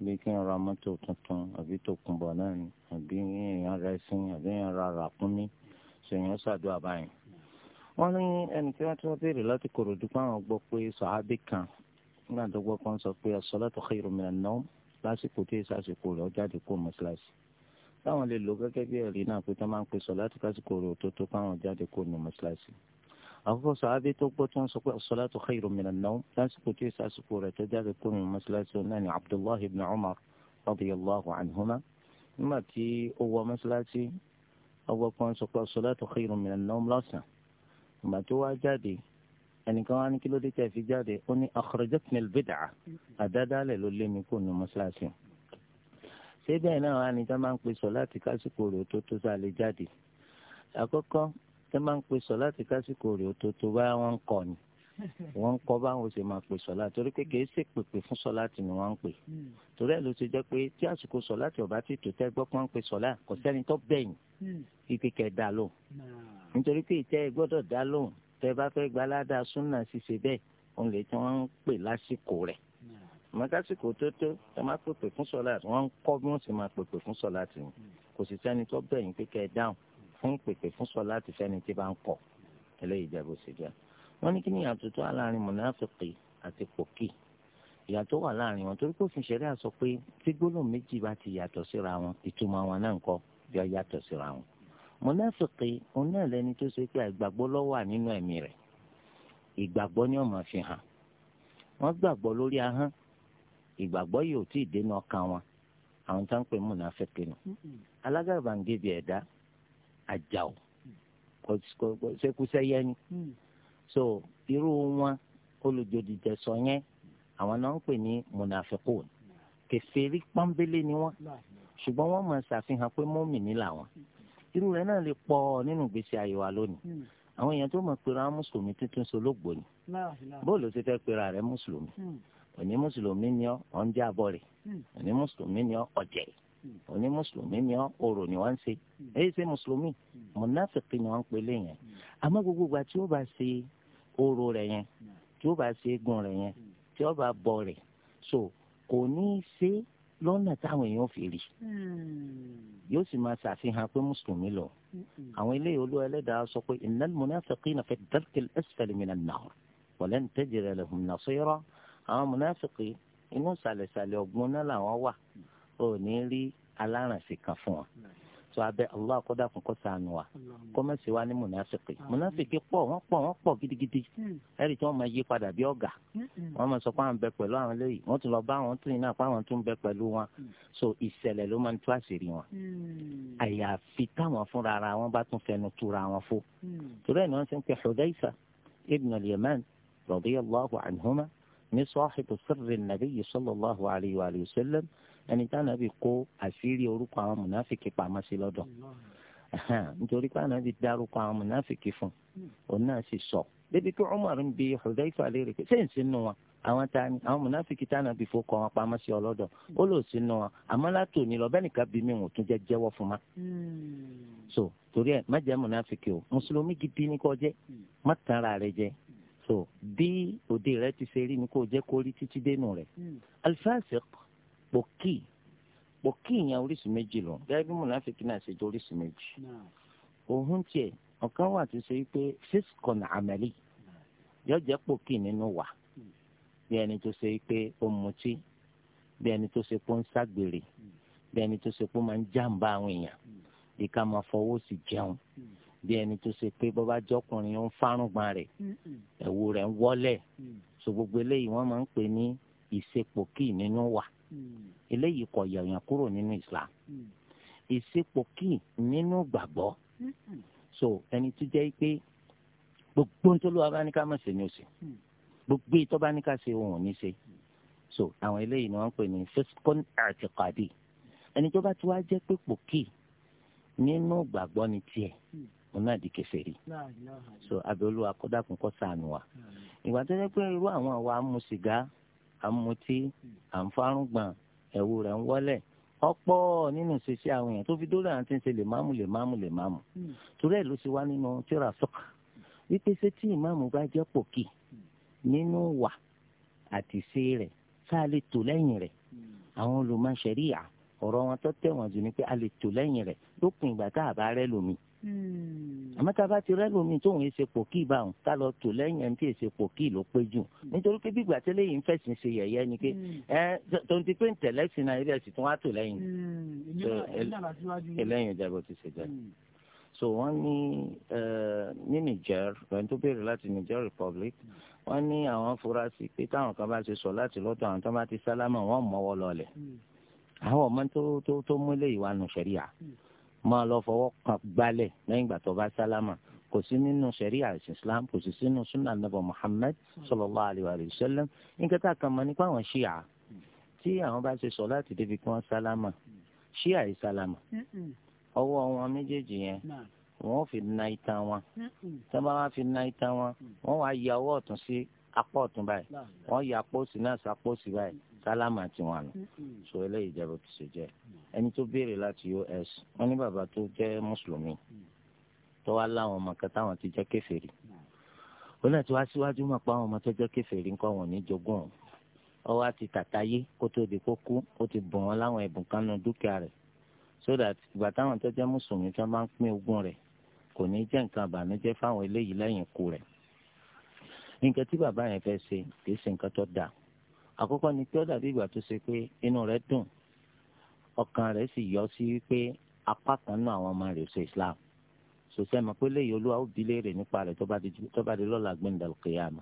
bí kí n ra mọ́tò tuntun àbí tòkunbọ̀ náà ni àbí èèyàn ra ẹṣin àbí èèyàn ra ràkúnmí ṣèyàn ṣàdúrà báyìí wọn ní ẹnì tí wọn ti wá béèrè láti Kòròdú pé àwọn gbọ́ pé sàhábì kan nígbà tó gbọ́ pé sọ pé as-salatu khayrun lásìkò tí èsì àsìkò rẹ̀ ó jáde kó táwọn lè lò gẹ́gẹ́ bí ẹ̀rí náà pé tó máa ń pè sọ láti kásìkò rò tó tó káwọn jáde kó nu mọ́ṣáláṣí. àkọ́kọ́ sàábé tó gbọ́ tó ń sọ pé as-salatu khayrun minan nawm lásìkò tí ìsàsìkò rẹ̀ tó jáde kó nu mọ́ṣáláṣí náà ni abdullahi ibn umar radiyallahu anhuma nígbà tí ó wọ mọ́ṣáláṣí ọgbọ́ kan sọ pé as-salatu khayrun minan nawm lọ́sàn ìgbà tó wá jáde ẹnìkan ṣé bẹ́ẹ̀ náà wà ní tá máa ń pe sọ láti kásìkò rè tó tó sá lè jáde àkọ́kọ́ tá máa ń pe sọ láti kásìkò rè tó tó bá wọn ń kọ ni wọn ń kọ báwọn ṣe máa pe sọ láti torí pé kìí ṣe pèpè fún sọ láti ni wọn ń pè torí ẹ̀ ló ṣe jẹ́ pé tí àsìkò sọ láti ọ̀bá ti tò tẹ́ gbọ́ ń pe sọ láti kò sẹ́ni tó bẹ̀yìn ike kẹ̀ dá lóhùn nítorí pé ìtẹ́ gbọ́dọ̀ dá lóhùn tẹ́ bá fẹ́ gbaládàá súnà ṣiṣẹ́ bẹ́ẹ̀ òun lè tí wọ́n ń pè lásìkò rẹ̀ àmọ́ kásìkò tó tó ẹ má pèpè fún sọlá wọn ń kọ́ bí wọ́n sì máa pèpè fún sọlá tì yín kò sì sẹ́ni tó bẹ̀yìn pé kẹ́ ẹ dáhùn fún pèpè fún sọlá tì fẹ́ni tí bá ń kọ̀ eléyìí jẹ́ bó ṣe jẹ́ wọ́n ní kí ni ìyàtọ̀ tó wà láàrin mùnáfíkì àti pòkì ìyàtọ̀ wà láàrin wọn torí pé òfin ṣẹ̀ríà sọ pé tí gbólóhùn méjì bá ti yàtọ̀ síra wọn ìtumọ̀ wọn náà ń kọ́ bí yàtọ̀ síra wọn mùnáfíkì òun tó ṣe pé àgbàgbọ́ ló wà nínú ẹ̀mí rẹ̀ ìgbàgbọ́ ni ó máa fi hàn wọ́n gbàgbọ́ lórí ahọ́n ìgbàgbọ́ yìí ò tí ì dénú ọkàn wọn àwọn tó ń pè múnafẹ́kì nù alágàbàǹgebè ẹ̀dá àjàò ṣekúṣẹ́ yẹn ni so irú wọn olùjòdìjẹ sọ yẹn àwọn náà ń pè ní múnafẹ́kùn kèfèrí pọ́nbélé ni wọ́n ṣùgbọ́n wọ́n máa ṣàfihàn pé mọ́mìnì làwọn irú rẹ̀ náà lè pọ̀ nínú ìgbésí ayé lónìí àwọn èèyàn tó mọ̀ pé ra mùsùlùmí tuntun ṣolóògbò ni bóòlù ti fẹ́ pera rẹ̀ mùsùlùmí òní mùsùlùmí ni ọ ọ ń jẹ àbọ rẹ hmm. òní mùsùlùmí ni ọ ọjẹ hmm. òní mùsùlùmí ni ọ orò ni wọn ń ṣe hmm. èyí ṣe mùsùlùmí mùnáfìkì ni wọn ń pè yẹn àmọ́ gbogbo ìgbà tí ó bá ṣe orò rẹ yẹn tí ó bá ṣe eégún rẹ yẹn tí ó bá bọ rẹ so kò ní í ṣe lọ́nà táwọn èèyàn fi rí yóò sì máa ṣàfihàn pé mùsùlùmí lọ àwọn eléyìí olú ẹlẹ́dàá sọ pé innal munafiqina fi ad-darki al-asfali mina an-nar wa lan tajida àwọn mùnáfìkì inú sàlẹ̀sàlẹ̀ ọ̀gbun náà làwọn wà ò ní rí aláràǹsì kan fún wọn tó abẹ́ Allah kódà kún kó sànù wa kó má sì wá ní mùnáfìkì mùnáfìkì pọ̀ wọ́n pọ̀ wọ́n pọ̀ gidigidi ẹ̀rí tí wọ́n máa yí padà bí ọ̀gá wọ́n máa sọ pé àwọn bẹ pẹ̀lú àwọn eléyìí wọ́n tún lọ bá àwọn tún iná pa àwọn tún bẹ pẹ̀lú wọn so ìṣẹ̀lẹ̀ ló máa ń tú àṣírí wọn àyàfi táwọn fúnra ara wọn bá tún fẹnu túra wọn fó torí ẹ̀ ni ti ń pè Hudayfa ibn al-Yaman radiyallahu anhuma ní sọ́ọ́hìbù sirri nàbí sallallahu alayhi wa sallam ẹni tí ànábì kó àṣírí orúkọ àwọn mùnáfìkì pamọ́ sí lọ́dọ̀ nítorí pé ànábì dárúkọ àwọn mùnáfìkì fún òun náà sì sọ débi pé Umar ń bi Hudayfa léèrè pé ṣé ń sínú wọn àwọn ta ni àwọn mùnáfìkì tá ànábì fò kọ́ wọn pamọ́ sí ọlọ́dọ̀ ó lò sínú wọn àmọ́ látò ní lọ bẹ́ẹ̀ nìkan bí so bí òde rẹ ti ṣe rí ni kò jẹ́ kó rí títí dénú rẹ̀ hmm. alifásẹ̀ pòkì pòkì yẹn oríṣi méjì lọ gẹ́gẹ́ bí mùnàfíkì náà ṣe jẹ́ oríṣi méjì òhun hmm. tiẹ̀ ọ̀kan wà tó ṣe pé fiskon amẹ́lì hmm. yóò jẹ́ pòkì nínú wa bí ẹni tó ṣe pé ó mutí bí ẹni tó ṣe pé ó ń ságbèrè bí ẹni tó ṣe pé ó máa ń jàǹbá àwọn èèyàn bí ká máa fọwọ́ sí jẹun bí ẹni tó ṣe pé bọ́bá jọkùnrin ó ń fárùngbọ̀n rẹ̀ ẹ̀wù rẹ̀ ń wọ́lẹ̀ mm. so gbogbo eléyìí wọ́n máa ń pè ní ìṣepòkì nínú wà mm. eléyìí kò yọ̀yàn kúrò nínú Islam mm. ìṣepòkì nínú gbàgbọ́ so ẹni tó jẹ́ pé gbogbo ń tó ló abáníká mọ̀ sí ni ó sì gbogbo ìtọ́ bá ní ká ṣe òun ò ní ṣe so àwọn eléyìí ni wọ́n ń pè ní fiskon àtìkàdì ẹni tó bá ti wá jẹ́ pé pòkì nínú gbàgbọ́ ni tiẹ̀ òun náà di kèfèrí so abẹ́olú akọ́dàkùn kọ́ sànù wa hmm. ìgbà tó yẹ pé irú àwọn àwa mu sìgá à ń mutí à ń farúgbọ̀n ẹ̀wù rẹ̀ ń wọ́lẹ̀ ọ̀pọ̀ nínú ṣíṣe àwọn èèyàn tó fi dóòlà àti ṣe lè máàmù lè máàmù lè máàmù hmm. torí ẹ̀ ló ṣe wá nínú tíra sọ́kà wípé ṣé tí ìmáàmù bá jẹ́ pòkì nínú wà àti ṣe rẹ̀ tá a lè tò lẹ́yìn rẹ̀ hmm. àwọn olùmọ̀ṣẹ́ríyà ọ̀rọ̀ wọn tó tẹ̀wọ̀n jù ni pé a lè tò lẹ́yìn rẹ̀ lópin ìgbà tá a bá rẹ́ lómi Hmm. àmọ́ tá a bá ti rẹ́lòmíì tóun èsè pò kí ibà òun ká lọ tò lẹ́yìn ẹni tí èsè pò kí ló pé jù hmm. nítorí pé bígbà tẹ́lẹ̀ yìí ń fẹ̀sìn ṣe yẹ̀yẹ́ ni pé ẹ tó ń ti pé ń sí náà ilé ẹ̀sìn tó wá tò lẹ́yìn ẹlẹ́yìn hmm. ìjábọ̀ ti ṣe jáde. so wọ́n ní ní Niger lẹ́yìn tó béèrè láti Niger Republic wọ́n ní àwọn afurasí pé táwọn kan bá ṣe sọ láti lọ́tọ̀ àwọn tó bá ti sálámà wọ́n mọ́wọ́ lọ́lẹ̀ àwọn ọmọ tó tó tó mú máa lọ fọwọ́ kan gbálẹ̀ lẹ́yìn ìgbà tó bá sálámà kò sí nínú sẹ̀ríà islam kò sí sínú sunna nabọ muhammad sallallahu alayhi wa sallam nǹkan tá a kàn mọ́ nípa àwọn ṣíà tí àwọn bá ṣe sọ láti débi kí wọ́n sálámà ṣíà yìí sálámà ọwọ́ wọn méjèèjì yẹn wọ́n fi na itan wọn tí wọ́n bá wá fi na itan wọn wọ́n wá ya ọwọ́ ọ̀tún sí apá ọ̀tún báyìí wọ́n yà apá òsì náà sí apá òsì báyìí sálámà tiwọn nù so eléyìí jẹ́ bó ṣe jẹ́ ẹni tó béèrè láti US wọ́n ní bàbá tó jẹ́ mùsùlùmí tó wá láwọn ọmọ kan táwọn ti jẹ́ kèfèrí ó náà ti wá síwájú mọ̀ pé àwọn ọmọ tó jẹ́ kèfèrí ńkọ́ wọn ní jogún ọ̀hún ọwọ́ àti tàtàyé kó tó di kókú ó ti bùn wọn láwọn ẹ̀bùn kan nu dúkìá rẹ̀ so that ìgbà táwọn tó jẹ́ mùsùlùmí tó máa ń pín ogún rẹ̀ kò ní jẹ́ nǹkan àbànújẹ́ fáwọn eléyìí lẹ́yìn ikú rẹ̀ nǹkan tí bàbá yẹn fẹ́ ṣe kìí ṣe nǹkan tó dáa àkọ́kọ́ ni pé ó dàbí ìgbà tó ṣe pé inú rẹ̀ dùn ọkàn rẹ̀ sì yọ sí pé apá kan náà àwọn ọmọ rẹ̀ ṣe Islam sòsẹ́ mọ̀ pé léyìí olúwa ó bi léèrè nípa rẹ̀ tó bá di lọ́la gbẹ̀ndà kìyàmà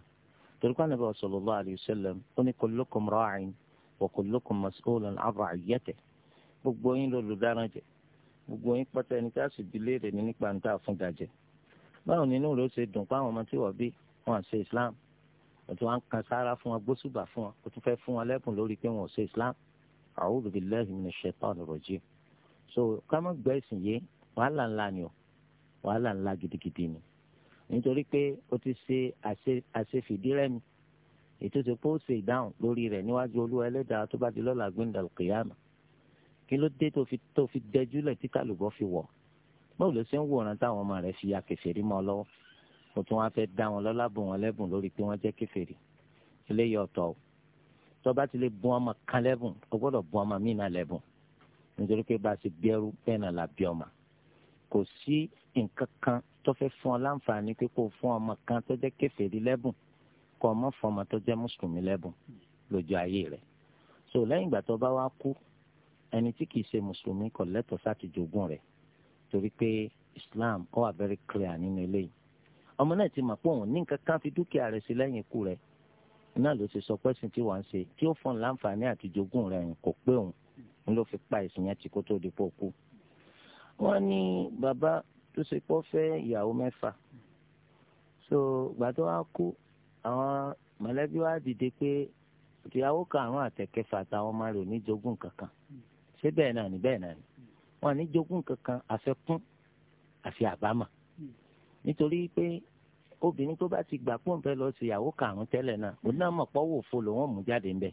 torí pé Ànábì sallallahu alayhi wa sallam ó ní kullukum ra'in wa kullukum mas'ulun 'an ra'iyyatihi gbogbo yín lọ́lùdáràn jẹ gbogbo yín pátá ẹni tá a sì bi léèrè nípa níta fún gàjẹ báwo nínú rẹ̀ ó ṣe dùn pé àwọn ọmọ tí wọ́n bí wọn ṣe islam wọn tún wá ń kan sára fún wọn gbósùbà fún wọn kó tún fẹ́ fún wọn lẹ́kùn lórí pé wọn ò ṣe islam a'udhu billahi minash shaitanir rajim so ká má gbẹ́ ìsìn yé wàhálà ńlá ni o wàhálà ńlá gidigidi ni nítorí pé o ti ṣe àṣefìdírẹ́mi ètò tó kó ṣe ìdáhùn lórí rẹ̀ níwájú olúwa ẹlẹ́dàá tó bá di lọ́la gbẹ̀ndàlù kìyàmà kí ló dé tó fi dẹjúlẹ̀ tí kálùbọ́ fi wọ̀ báwo ló ṣe ń wòran táwọn ọmọ rẹ̀ fi ya rí mọ́ lọ́wọ́ mo tún wá fẹ́ dá wọn lọ́lá bùn wọn lẹ́bùn lórí pé wọ́n jẹ́ kèfèrí eléyìí ọ̀tọ̀ o tó bá ti lè bùn ọmọ kan lẹ́bùn o gbọ́dọ̀ bùn ọmọ míì náà lẹ́bùn nítorí pé bá a ṣe bí bẹ́ẹ̀ náà la bí ọmọ kò sí nǹkan kan tó fẹ́ fún ọ láǹfààní pé kó fún ọmọ kan tó jẹ́ kèfèrí lẹ́bùn kó ọmọ fún ọmọ tó jẹ́ mùsùlùmí lẹ́bùn lójú ayé rẹ̀ so lẹ́yìn ìgbà tó bá wá kú ẹni tí kìí ṣe mùsùlùmí kò lẹ́tọ̀ọ́ sáti rẹ̀ torí pé Islam ó wà very clear nínú eléyìí ọmọ náà ti mọ̀ pé òun ní nǹkan kan fi dúkìá rẹ̀ sí lẹ́yìn ikú rẹ̀ náà ló ti sọ pẹ́sìn tí wọ́n ń ṣe tí ó fún láǹfààní àti jogún rẹ̀ kò pé òun ń ló fi pa ẹ̀sìn yẹn tí kó tó di pọ̀ kú. wọ́n ní bàbá tó ṣe pọ́ fẹ́ ìyàwó mẹ́fà so ìgbà tó wá kú àwọn mọ̀lẹ́bí wa dìde pé ìyàwó karùn-ún àtẹ̀kẹfà àtàwọn ọmọ rẹ̀ ò ní jogún kankan ṣé bẹ́ẹ̀ náà ni bẹ́ẹ̀ náà ni wọ́n ní jogún kankan àfẹ́kún àfi àbámọ̀ nítorí pé obìnrin tó bá ti gbà pọ̀ nfẹ́ lọ sí ìyàwó karùn-ún tẹ́lẹ̀ náà òun náà mọ̀ pọ́wọ́ òfo lòun mú jáde ńbẹ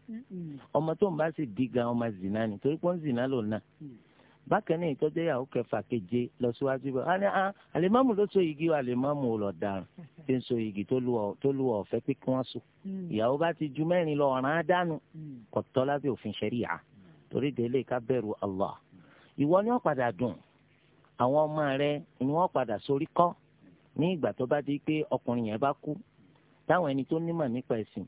ọmọ tó ń bá sì di gan ọmọ zina ni torí pọ́n zina lòun náà mm. bákan náà ìtọ́jú ìyàwó kẹfà keje lọ síwájú bá a ní a àlèmọ́mù ló so igi àlèmọ́mù ò lọ dàrún tí ń so igi tó lu ọ̀fẹ́ pé kí wọ́n so mm. ìyàwó bá ti ju mẹ́rin lọ ọ̀ràn á dànù mm. kò tọ́ lábẹ́ òfin ṣẹ̀ríyà Allah ìwọ ni wọ́n padà dùn àwọn ọmọ rẹ ni wọ́n padà sorí kọ́ ní ìgbà tó bá di pé ọkùnrin yẹn bá kú táwọn ẹni tó nímọ̀ nípa ẹ̀sìn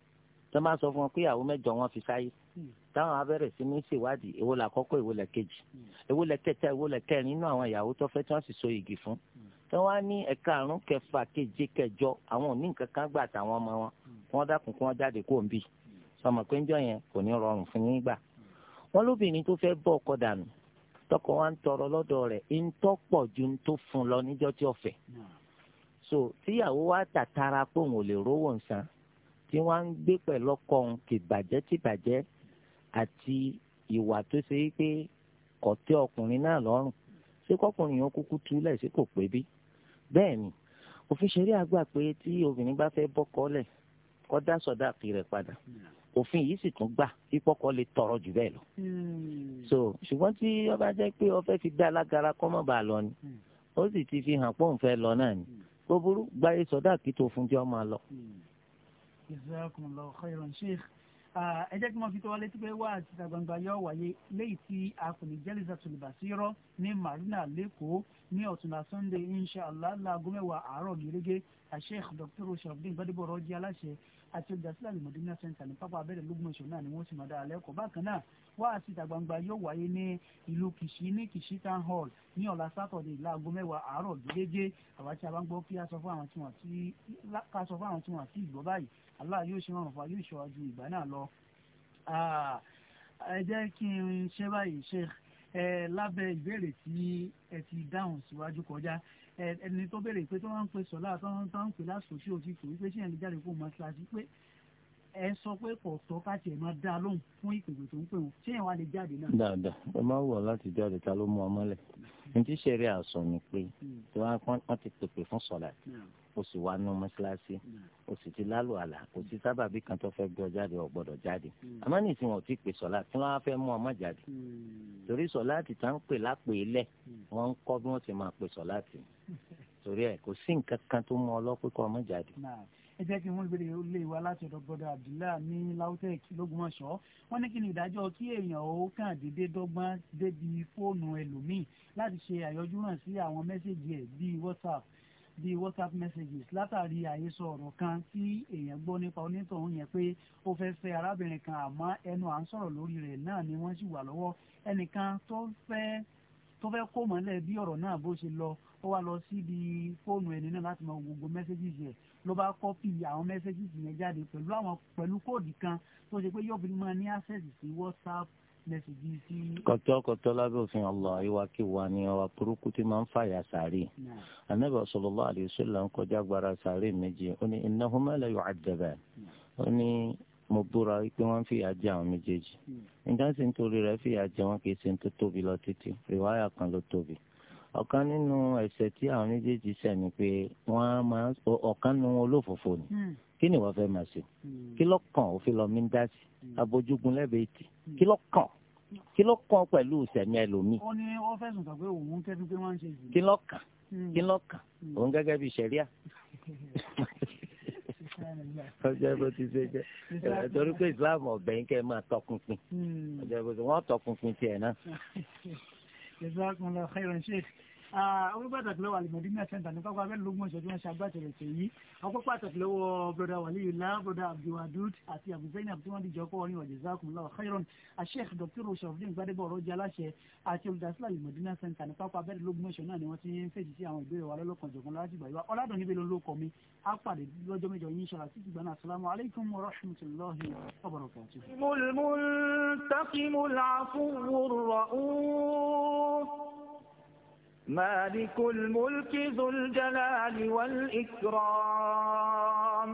tó máa sọ fún wọn pé àwọn mẹ́jọ wọn fi sáyé hmm. táwọn abẹ́rẹ́ sí ní ṣèwádìí èwo la kọ́kọ́ èwo la kejì hmm. èwo la kẹta èwo la kẹrin nínú àwọn ìyàwó tó fẹ́ tí wọ́n sì so igi fún hmm. tí wọ́n á ní ẹ̀ka àrùn kẹfà keje kẹjọ àwọn òní nǹkan kan gbà táwọn ọmọ wọn wọ́n dákun kí wọ́n jáde kó ń bì sọmọ pé ń jọ yẹn kò ní rọrùn fún yín gbà wọn lóbìnrin tó fẹ́ bọ́ ọkọ dànù tọkọ wa ń tọrọ lọ́dọ̀ rẹ̀ ń tọ́pọ̀ ju ń tó fún lọ níjọ́ tí ọ̀fẹ́ so tíyàwó wa tàtàrà pé òun ò lè rówó nsàn tí wọ́n ń gbé pẹ̀lú ọkọ òun tìbàjẹ́ tìbàjẹ́ àti ìwà tó ṣe é pé kọ̀tẹ́ ọkùnrin náà lọ́rùn ṣé kọkùnrin yẹn kúkú túlẹ̀ sí kò pé bí bẹ́ẹ̀ ni òfin ṣeré àgbà pé tí obìnrin bá fẹ́ bọ́kọ lẹ̀ kó dá sọ̀dáàkì rẹ̀ padà òfin yìí sì tún gbà pípọ́kọ lè tọrọ jù bẹ́ẹ̀ lọ. Hmm. so ṣùgbọ́n tí ó bá jẹ́ pé ó fẹ́ fi dá alágara kọ́ lọ ni ó sì ti fi hàn pé fẹ́ lọ náà ni. Mm kó burú gbáyé sọdá kí tó fún jẹ́ ọmọ àlọ́. jazakumullahu khairan sheikh ẹ jẹ́ kí wọ́n fi tó wọlé tí pé wá àti ìta gbangba yọ wáyé léyìí tí a kò ní jẹ́lísà tòlùbàṣírọ́ ní marina lẹ́kọ̀ọ́ ní ọ̀túnla sunday inshàlá láago mẹ́wàá àárọ̀ gẹ́gẹ́ sheikh dr sharafdin gbadebo rọ́jí aláṣẹ àti olùdásílẹ̀ alimọ̀dínà center ní pápá abẹ́rẹ́ lógún oṣù náà ni wọ́n ti máa dára lẹ́kọ̀ọ́ bákan náà wáàsí ìta gbangba yóò wáyé ní ìlú kìṣí ní kìṣí town hall ní ọ̀la sátọ̀dẹ̀ láago mẹ́wàá àárọ̀ déédéé àwa bá ń gbọ́ kí a sọ fún àwọn tí wọ́n ti ká sọ fún àwọn tí wọ́n ti gbọ́ báyìí aláà yóò ṣe rọrùn fún wa yóò ṣọwájú ìgbà náà lọ. ẹ jẹ́ kí n ṣe báyìí ṣe ẹ lábẹ́ ìbéèrè tí ẹ ti dáhùn síwájú kọjá ẹni tó béèrè pé tó máa ń pe sọ̀lá tó ń pè lásìkò sí òtítù wípé ṣé ẹni jáde kó mọ́ síláṣí pé ẹ sọ pé kò tọ́ káàtì ẹ̀ máa dá lóhùn fún ìpèwè tó ń pè wọ́n ṣé ẹ̀ wá lè jáde náà. dáadáa ẹ máa wọ̀ láti jáde ta ló mú ọ mọ́lẹ̀ ní tí sẹ́rí àṣọ ni pé hmm. tí wọ́n ti pèpè fún sọ̀lá hmm. o sì wá nú mọ́ṣáláṣí hmm. o sì ti lálù àlà o sì sábàbí kan tó fẹ́ gbọ́ jáde ò gbọ́dọ̀ jáde àmọ́ ní ìsìn wọn ò tí ì pè sọ̀lá tí wọ́n á fẹ́ mú ọmọ jáde torí sọ̀lá ti tá pè lápè lẹ̀ wọ́n ń kọ́ bí wọ́n ti máa pè sọ̀lá tì torí ẹ̀ kò sí nǹkan kan tó mú ọlọ́pẹ́ kọ́ ọmọ jáde ẹ jẹ́ kí wọ́n gbére lé wa láti ọ̀dọ̀ gbọ́dọ̀ Abdullah ní LAUTECH lógúnmọ̀ṣọ́ wọ́n ní kí ni ìdájọ́ kí èèyàn ó kàn déédéé dọ́gbọ́n débi fóònù ẹlòmíì láti ṣe àyọjú hàn sí àwọn mẹ́sẹ̀gì ẹ̀ bíi WhatsApp bíi WhatsApp messages látàrí àhesọ ọ̀rọ̀ kan tí èèyàn gbọ́ nípa onítọ̀hún yẹn pé ó fẹ́ fẹ́ arábìnrin kan àmọ́ ẹnu à ń sọ̀rọ̀ lórí rẹ̀ náà ni wọ́n sì wà lọ́wọ́ ẹnìkan tó fẹ́ tó fẹ́ kó mọ́lẹ̀ bí ọ̀rọ̀ náà bó ṣe lọ ó wá lọ síbi fóònù ẹni náà láti mọ gbogbo messages yẹn ló bá kọ́pì àwọn mẹ́sẹ́gì yẹn jáde pẹ̀lú àwọn pẹ̀lú kóòdù kan tó ṣe pé yóò fi máa ní access sí whatsapp mẹ́sẹ́gì sí. kọtọ kọtọ lábẹ́ òfin Allah ìwàkiwà ni ọwà burúkú tí máa ń fàyà sàárè anabi sallallahu alaihi wasallam kọjá gbára sàárè méje ó ní innahuma la yu'addaban ó ní mo búra pé wọ́n fìyà jẹ àwọn méjèèjì nígbà hmm. tí nítorí rẹ̀ fìyà jẹ wọn kì í ṣe tó tóbi lọ títí rìwáyà kan ló tóbi ọ̀kan nínú ẹ̀ṣẹ̀ tí àwọn méjèèjì ṣẹ̀ ni pé wọ́n á máa ọ̀kan nínú olófòfò ni hmm. kí ni wọ́n fẹ́ máa ṣe hmm. kí ló kàn òfin lọ mí ń dá sí hmm. abojúgun lẹ́bẹ̀ẹ́ tì kí ló kàn kí ló kàn pẹ̀lú sẹ̀mí ẹlòmíì. ó ní ó fẹ̀sùn kàn pé òun kẹ́dùn pé wọ́n ń ṣe ìlú. kí ló kàn kí ló kàn òun gẹ́gẹ́ bíi ṣẹ̀ríà ọjọ́ bó ti ṣe jẹ́ torí pé Islam ọ̀bẹ̀yìn kẹ́ máa tọkùnpin ọjọ́ bó ti wọ́n tọkùnpin tiẹ̀ náà جزاكم الله خيرا شيخ Ah, ọpẹ́ pàtàkì lọ́wọ́ alimọ̀dínà sẹ́ńtà ní pápá abẹ́rẹ́ lógún ọ̀sẹ̀ tí wọ́n ṣe agbátẹrẹ tèyí ọpẹ́ pàtàkì lọ́wọ́ broda waliyula broda abdulwadud àti abdulzainab tí wọ́n dìjọ kọ́ orin ọ̀jẹ̀ zakumullahu khairan asheikh dr osafudin gbadebo ọ̀rọ̀jẹ̀ aláṣẹ àti olùdásílẹ̀ alimọ̀dínà sẹ́ńtà ní pápá abẹ́rẹ́ lógún ọ̀sẹ̀ náà ni wọ́n ti ń fèsì sí àwọn ìbéèrè wa lọ́lọ́kan jọ̀kan látìgbà yìí wa ọ̀làdùn níbi ló lóko mi á pàdé مالك الملك ذو الجلال والإكرام